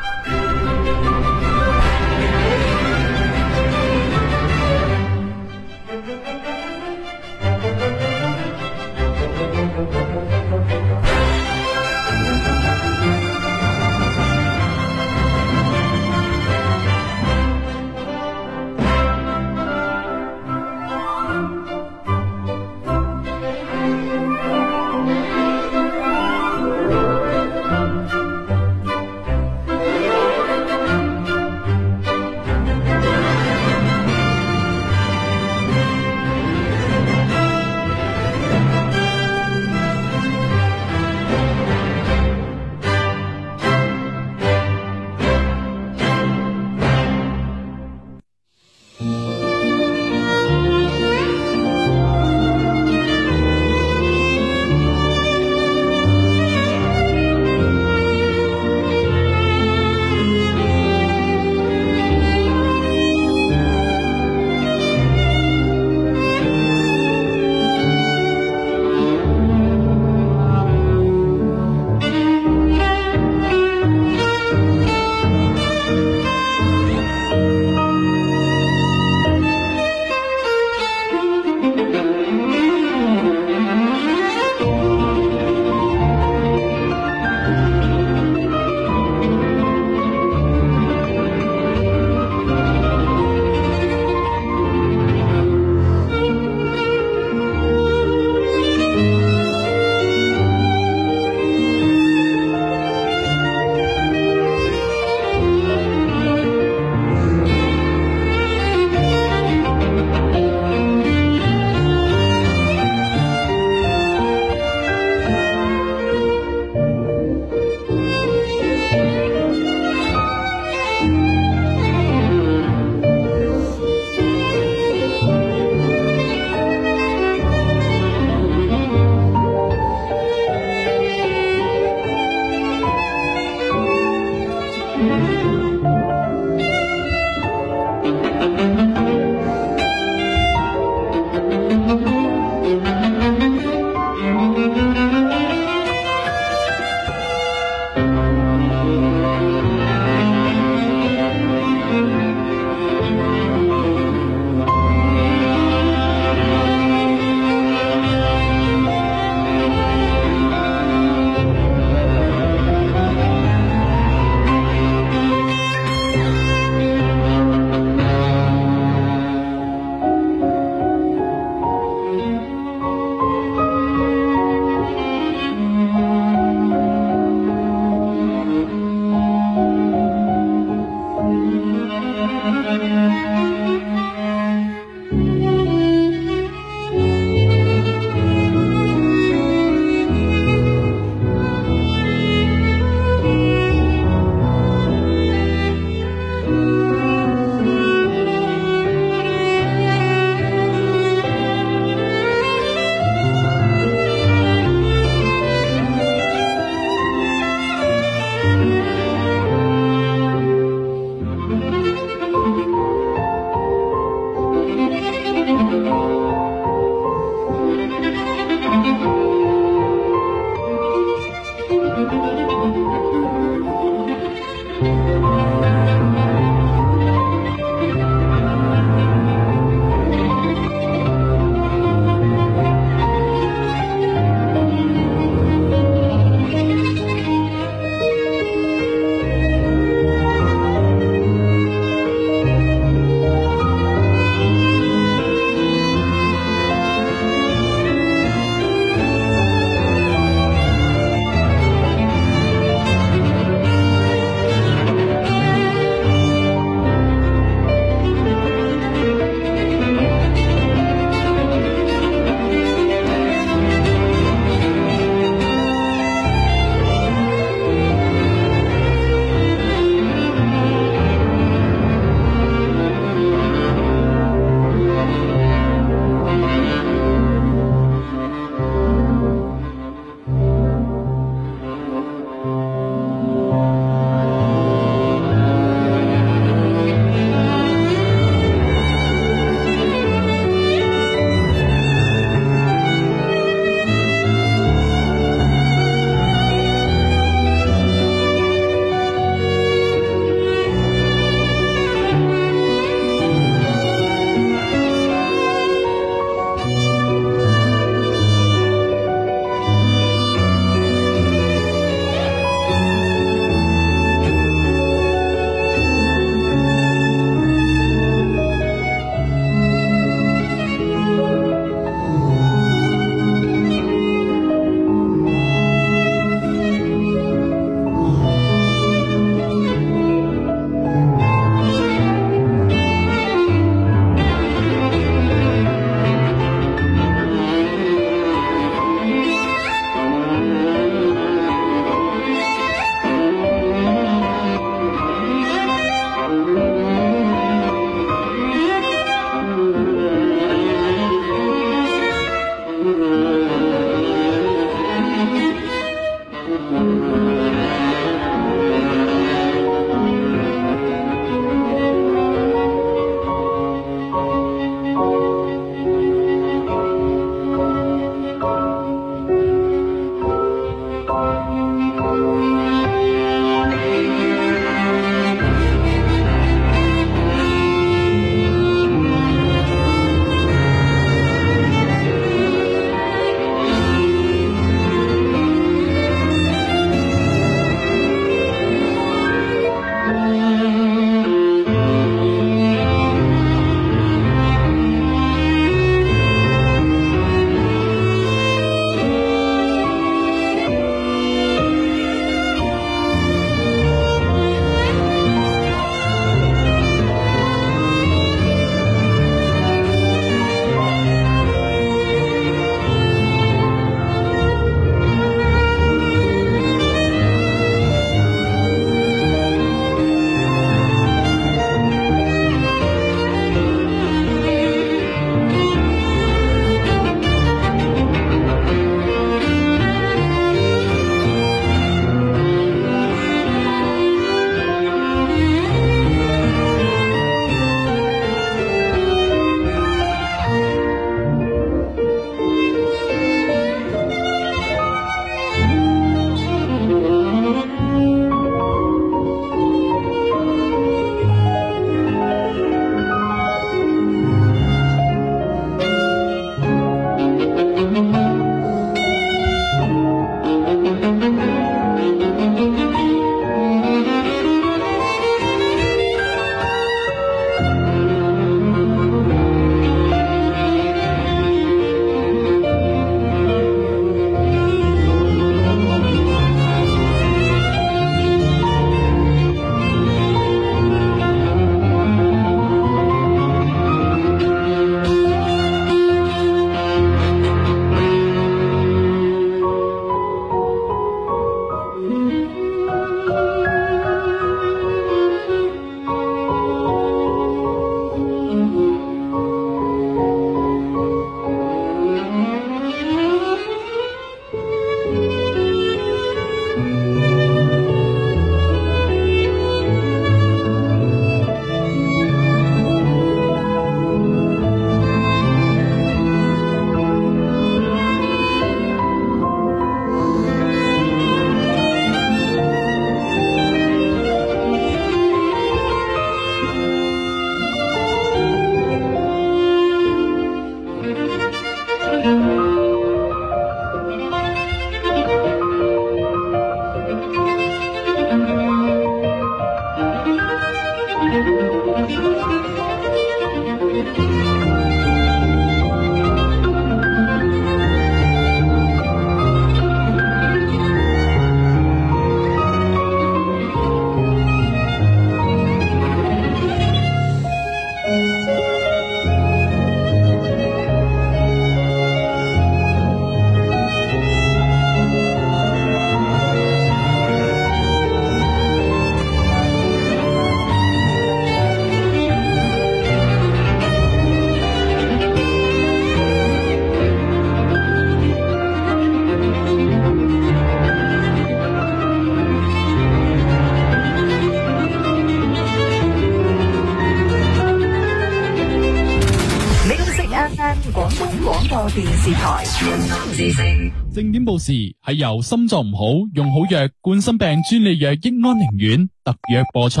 由心臟唔好用好藥，冠心病專利藥益安寧丸特約播出。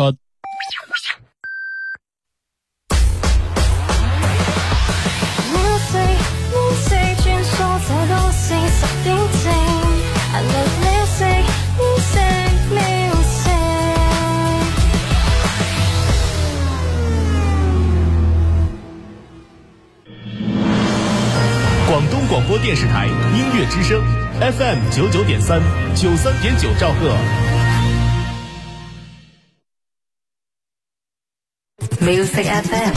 廣東廣播電視台音樂之聲。FM 九九點三，九三點九兆赫。Music FM。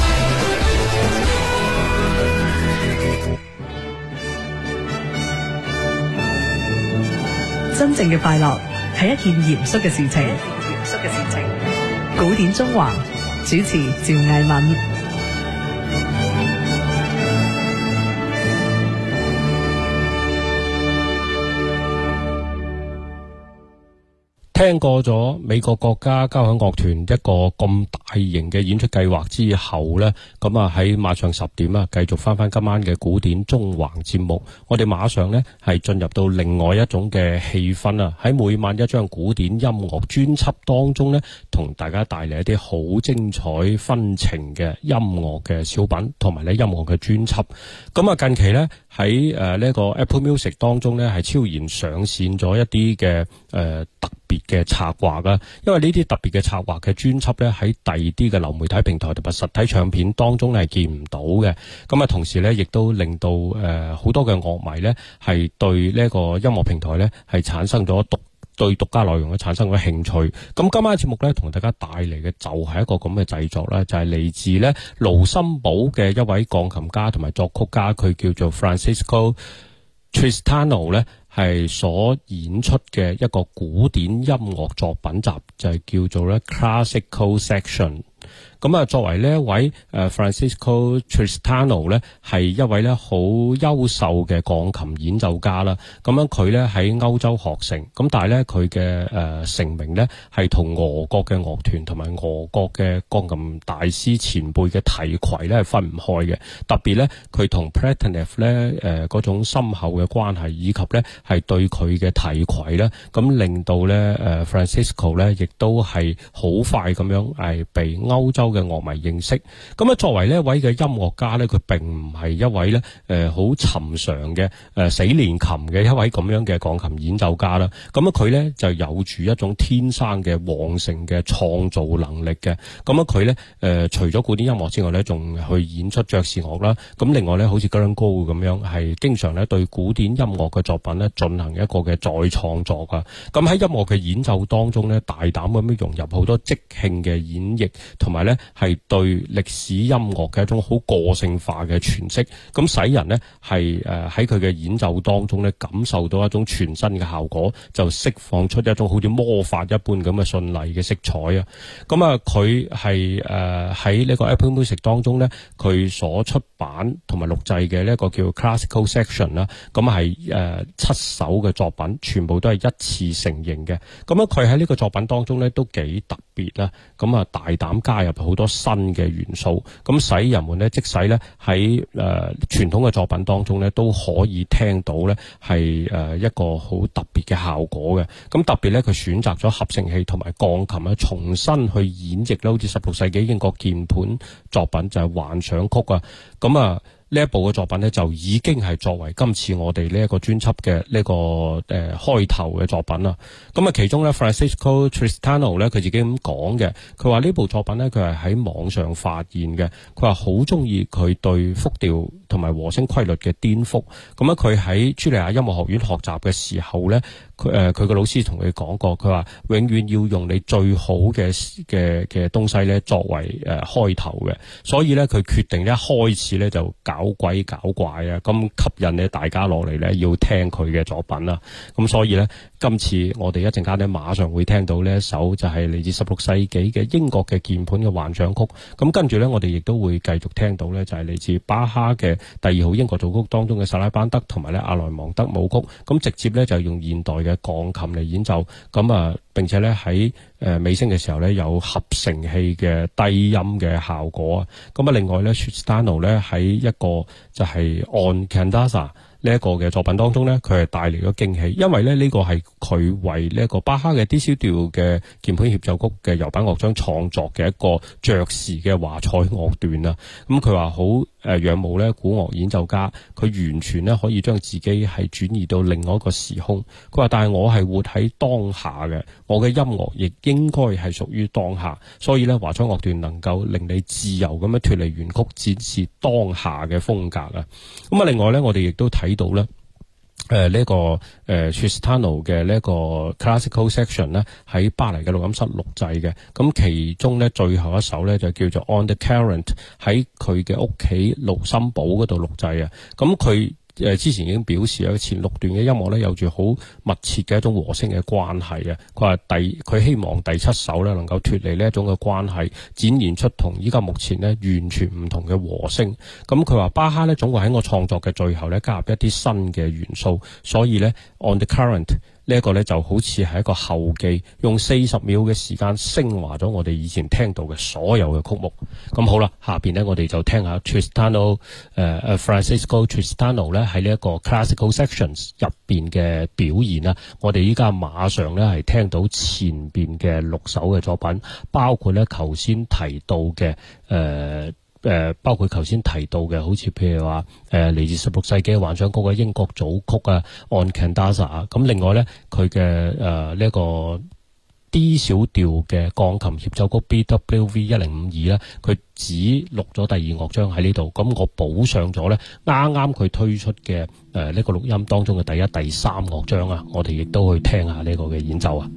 真正嘅快樂，係一件嚴肅嘅事情。嚴肅嘅事情。古典縱橫，主持趙藝敏。聽過咗美國國家交響樂團一個咁大型嘅演出計劃之後呢，咁啊喺馬上十點啊，繼續翻翻今晚嘅古典縱橫節目。我哋馬上呢，係進入到另外一種嘅氣氛啊！喺每晚一張古典音樂專輯當中呢，同大家帶嚟一啲好精彩紛呈嘅音樂嘅小品，同埋音樂嘅專輯。咁啊，近期呢。喺誒呢一個 Apple Music 當中呢，係超然上線咗一啲嘅，誒特別嘅策劃啦。因為呢啲特別嘅策劃嘅專輯呢，喺第二啲嘅流媒體平台同埋實體唱片當中呢，係見唔到嘅。咁啊，同時呢，亦都令到誒好、呃、多嘅樂迷呢，係對呢個音樂平台呢，係產生咗獨。對獨家內容嘅產生咗興趣，咁今晚嘅節目咧，同大家帶嚟嘅就係一個咁嘅製作咧，就係嚟自咧盧森堡嘅一位鋼琴家同埋作曲家，佢叫做 Francisco Tristano 咧，係所演出嘅一個古典音樂作品集，就係叫做咧 Classical Section。咁啊，作為呢一位誒 Francisco Tristano 咧，係一位咧好優秀嘅鋼琴演奏家啦。咁樣佢咧喺歐洲學成，咁但係咧佢嘅誒成名咧係同俄國嘅樂團同埋俄國嘅鋼琴大師前輩嘅提攜咧係分唔開嘅。特別咧佢同 Pletnev 咧誒嗰種深厚嘅關係，以及咧係對佢嘅提攜咧，咁令到咧誒 Francisco 咧亦都係好快咁樣係被歐洲。嘅樂迷認識，咁啊，作為呢一位嘅音樂家呢，佢並唔係一位呢誒好尋常嘅誒、呃、死練琴嘅一位咁樣嘅鋼琴演奏家啦。咁啊，佢呢就有住一種天生嘅旺盛嘅創造能力嘅。咁啊佢呢誒、呃、除咗古典音樂之外呢，仲去演出爵士樂啦。咁另外呢，好似 Glen Gould 咁樣，係經常呢對古典音樂嘅作品呢進行一個嘅再創作噶。咁喺音樂嘅演奏當中呢，大膽咁樣融入好多即興嘅演繹，同埋呢。係對歷史音樂嘅一種好個性化嘅詮釋，咁使人咧係誒喺佢嘅演奏當中咧感受到一種全新嘅效果，就釋放出一種好似魔法一般咁嘅絢麗嘅色彩啊！咁、嗯、啊，佢係誒喺呢個 Apple Music 當中咧，佢所出版同埋錄製嘅呢個叫 Classical Section 啦、嗯，咁係誒七首嘅作品，全部都係一次成型嘅。咁、嗯、啊，佢喺呢個作品當中咧都幾特別啦，咁、嗯、啊大膽加入。好多新嘅元素，咁使人們咧，即使咧喺誒傳統嘅作品當中咧，都可以聽到咧係誒一個好特別嘅效果嘅。咁特別咧，佢選擇咗合成器同埋鋼琴咧，重新去演繹啦，好似十六世紀英國鍵盤作品就係幻想曲啊。咁啊。呢一部嘅作品呢，就已經係作為今次我哋呢一個專輯嘅呢個誒、呃、開頭嘅作品啦。咁啊，其中呢 Francesco Tristano 呢，佢自己咁講嘅，佢話呢部作品呢，佢係喺網上發現嘅。佢話好中意佢對複調同埋和聲規律嘅顛覆。咁咧，佢喺茱莉亞音樂學院學習嘅時候呢。佢誒佢個老師同佢講過，佢話永遠要用你最好嘅嘅嘅東西咧作為誒開頭嘅，所以咧佢決定一開始咧就搞鬼搞怪啊，咁吸引咧大家落嚟咧要聽佢嘅作品啦。咁所以咧，今次我哋一陣間咧馬上會聽到呢一首就係嚟自十六世紀嘅英國嘅鍵盤嘅幻想曲。咁跟住咧，我哋亦都會繼續聽到咧就係嚟自巴哈嘅第二號英國組曲當中嘅薩拉班德同埋咧阿萊芒德舞曲。咁直接咧就用現代。嘅鋼琴嚟演奏，咁啊並且咧喺誒尾聲嘅時候咧有合成器嘅低音嘅效果啊，咁啊另外咧，Shutano 咧喺一個就係 On Canzasa 呢一個嘅作品當中咧，佢係帶嚟咗驚喜，因為咧呢個係佢為呢一個巴哈嘅 D 小調嘅鍵盤協奏曲嘅柔板樂章創作嘅一個爵士嘅華彩樂段啊，咁佢話好。誒仰慕咧，古樂演奏家，佢完全咧可以將自己係轉移到另外一個時空。佢話：但係我係活喺當下嘅，我嘅音樂亦應該係屬於當下。所以咧，華彩樂段能夠令你自由咁樣脫離原曲，展示當下嘅風格啊！咁啊，另外咧，我哋亦都睇到啦。誒、呃、呢、這個誒、呃、Schustano 嘅呢個 classical section 咧，喺巴黎嘅錄音室錄製嘅，咁其中咧最後一首咧就叫做 On the Current，喺佢嘅屋企盧森堡嗰度錄製啊，咁佢。誒之前已經表示啊，前六段嘅音樂咧有住好密切嘅一種和聲嘅關係啊。佢話，第佢希望第七首咧能夠脱離呢一種嘅關係，展現出同依家目前咧完全唔同嘅和聲。咁佢話巴哈咧總會喺我創作嘅最後咧加入一啲新嘅元素，所以咧 On the current 呢、這、一個咧就好似係一個後記，用四十秒嘅時間升華咗我哋以前聽到嘅所有嘅曲目。咁好啦，下面咧我哋就聽一下 Tristano、呃、Francisco Tristano 咧喺呢一個 Classical Sections 入面嘅表現啦。我哋依家馬上咧係聽到前面嘅六首嘅作品，包括咧頭先提到嘅誒。呃誒包括頭先提到嘅，好似譬如話誒嚟自十六世紀幻想曲嘅英國組曲啊，On c a n d h u s 啊，咁另外呢，佢嘅誒呢個 D 小調嘅鋼琴協奏曲 B W V 一零五二呢，佢只錄咗第二樂章喺、啊、呢度，咁我補上咗呢啱啱佢推出嘅誒呢個錄音當中嘅第一、第三樂章啊，我哋亦都去聽下呢個嘅演奏啊。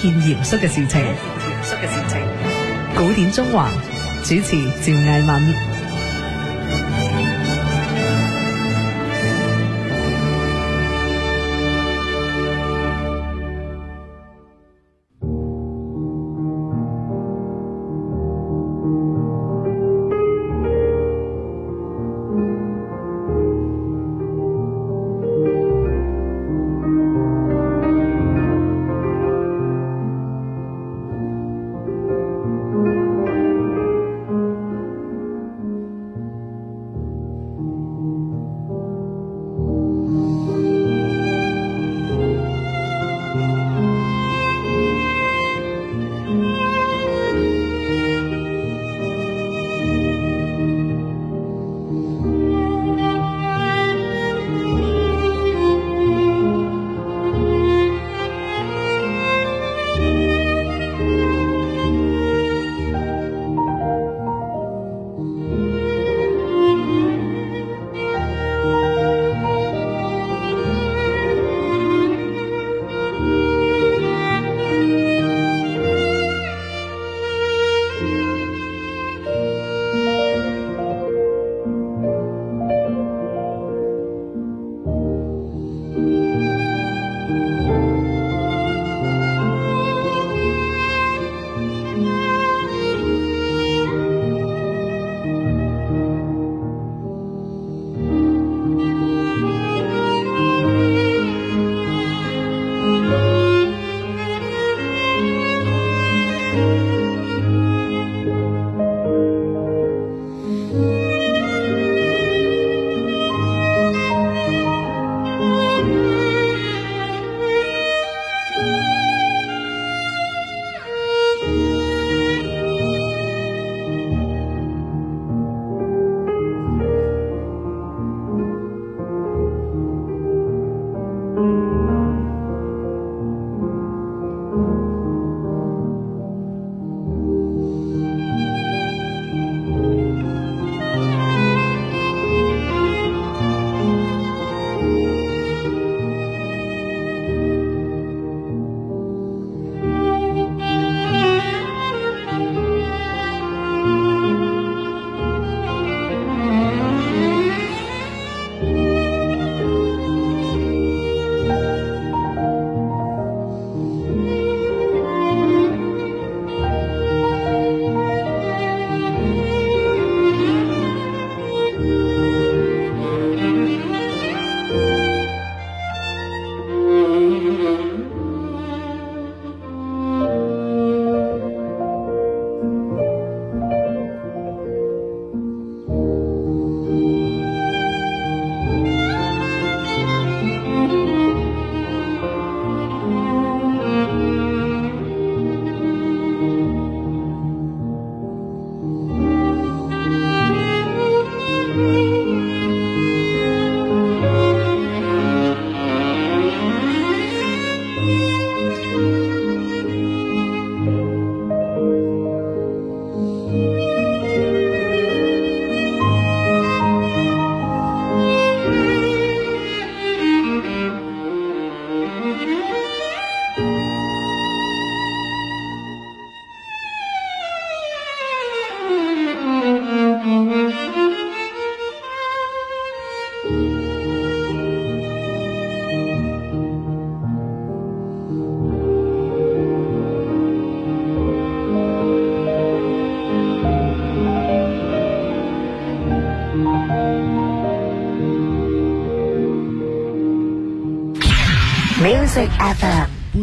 件嚴肅嘅事情，嚴肅嘅事情。古典縱橫主持趙藝敏。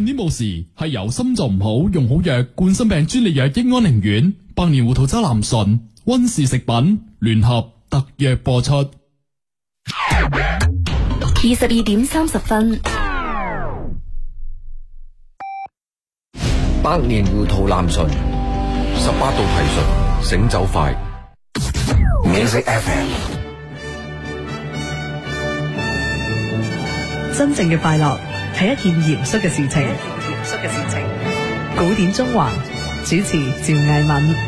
呢冇事係由心就唔好用好藥，冠心病專利藥益安寧丸，百年胡桃渣南醇，溫氏食品聯合特約播出。二十二點三十分，百年胡桃南醇，十八度提順醒酒快，免費 FM，真正嘅快樂。是一件嚴肅的事情，一件嚴肅的事情。古典縱橫，主持趙藝敏。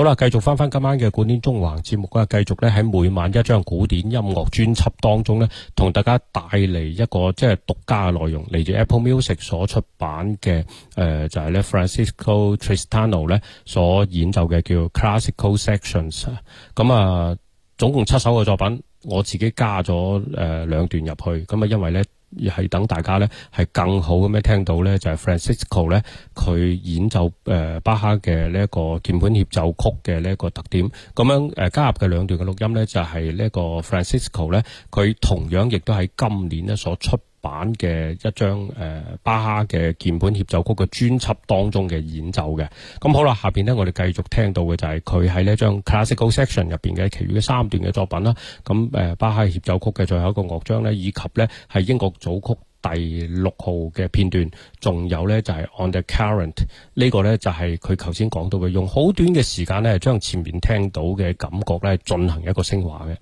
好啦，繼續返返今晚嘅古典縱橫節目啦，繼續呢喺每晚一張古典音樂專輯當中呢，同大家帶嚟一個即係獨家嘅內容，嚟自 Apple Music 所出版嘅誒、呃，就係、是、呢 Francisco Tristano 呢所演奏嘅叫 Classical Sections。咁啊，總共七首嘅作品，我自己加咗誒、呃、兩段入去。咁啊，因為呢，而係等大家咧，係更好咁樣聽到咧，就係 Francisco 咧，佢演奏誒巴哈嘅呢一個鍵盤協奏曲嘅呢一個特點咁樣誒加入嘅兩段嘅錄音咧，就係呢一個 Francisco 咧，佢同樣亦都喺今年咧所出。版嘅一張、呃、巴哈嘅鍵盤協奏曲嘅專輯當中嘅演奏嘅，咁好啦，下邊呢，我哋繼續聽到嘅就係佢喺呢張 Classical Section 入邊嘅其餘嘅三段嘅作品啦，咁、呃、巴哈協奏曲嘅最後一個樂章呢，以及呢係英國組曲第六號嘅片段，仲有呢就係、是、On the Current 呢個呢就係佢頭先講到嘅，用好短嘅時間呢將前面聽到嘅感覺呢進行一個升華嘅。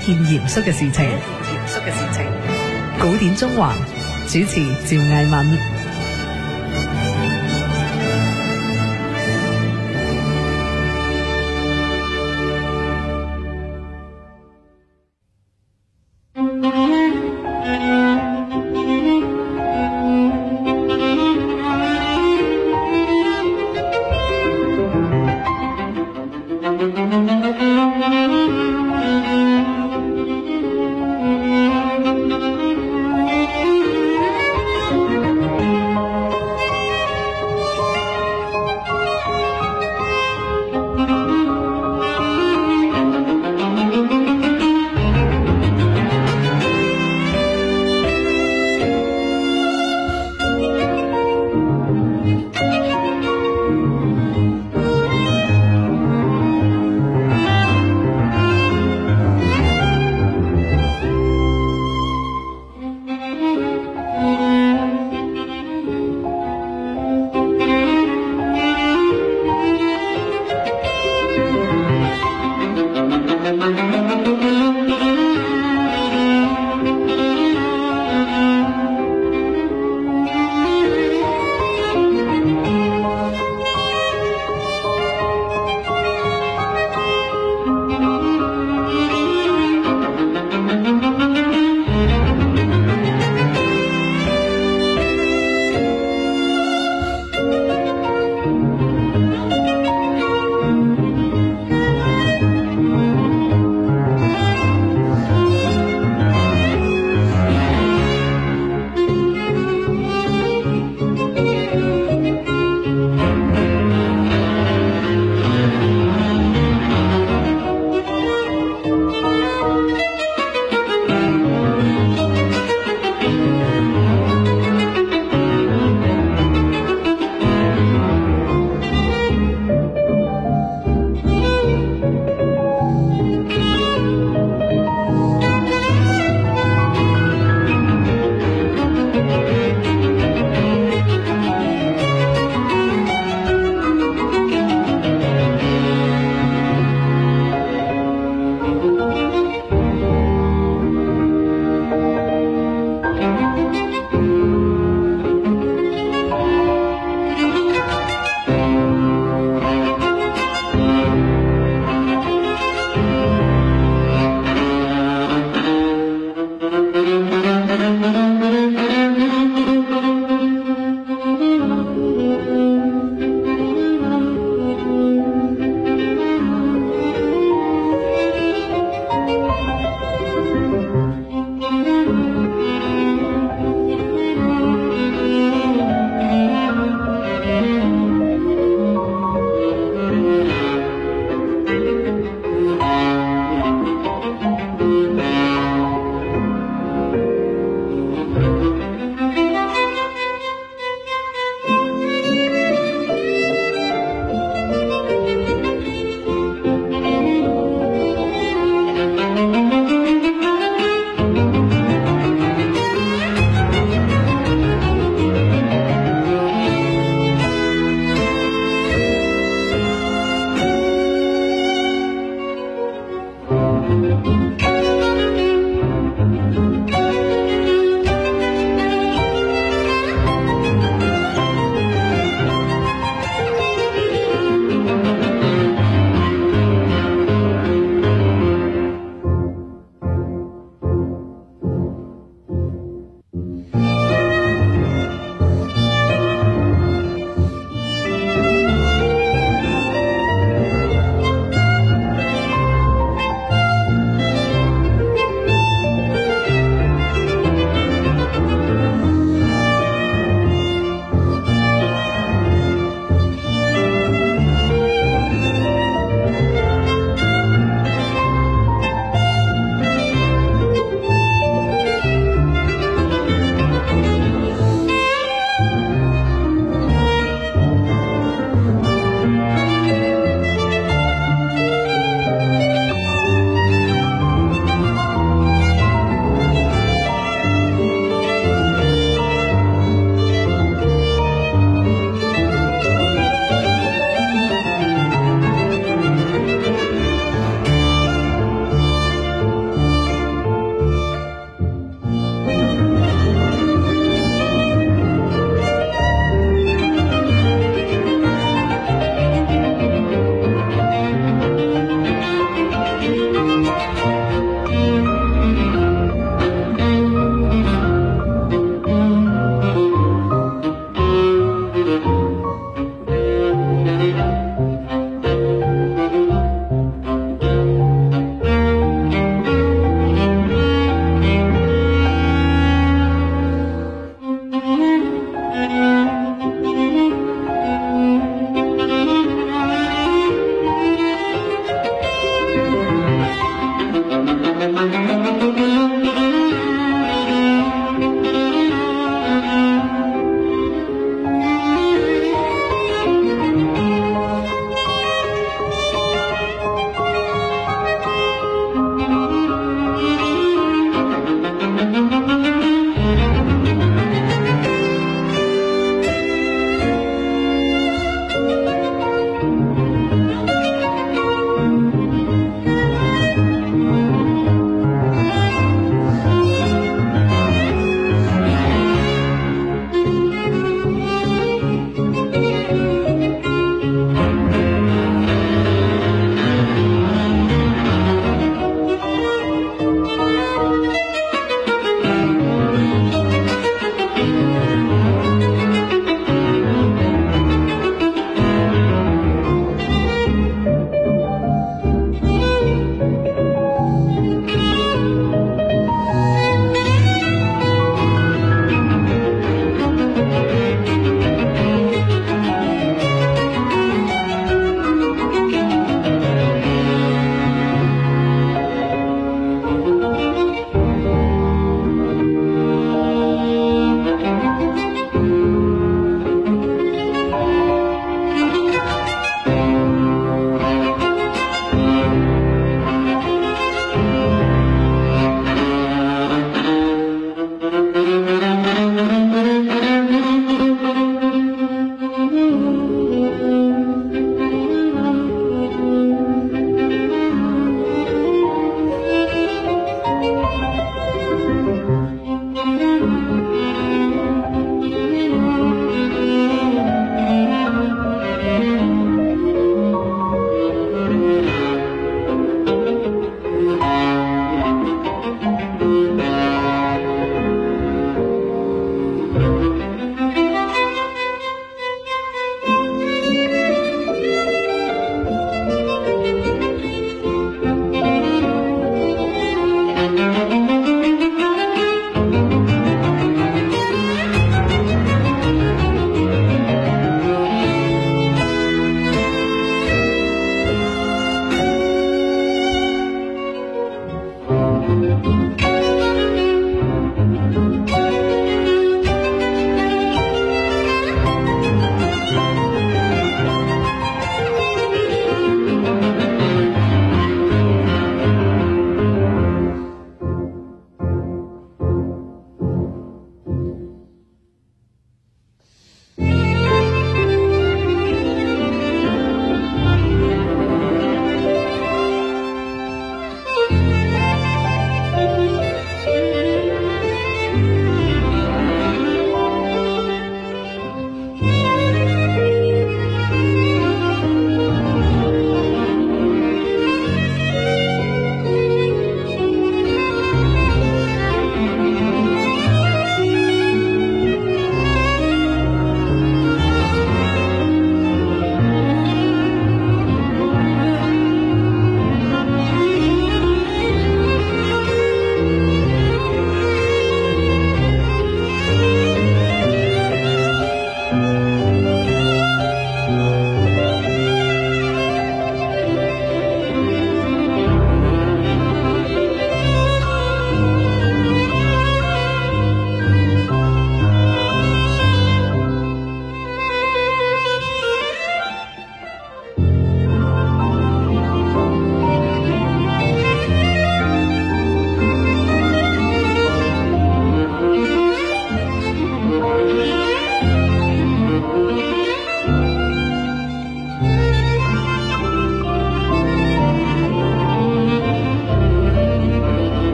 一件嚴肅嘅事情，一件嚴肅嘅事情。古典縱橫主持趙藝敏。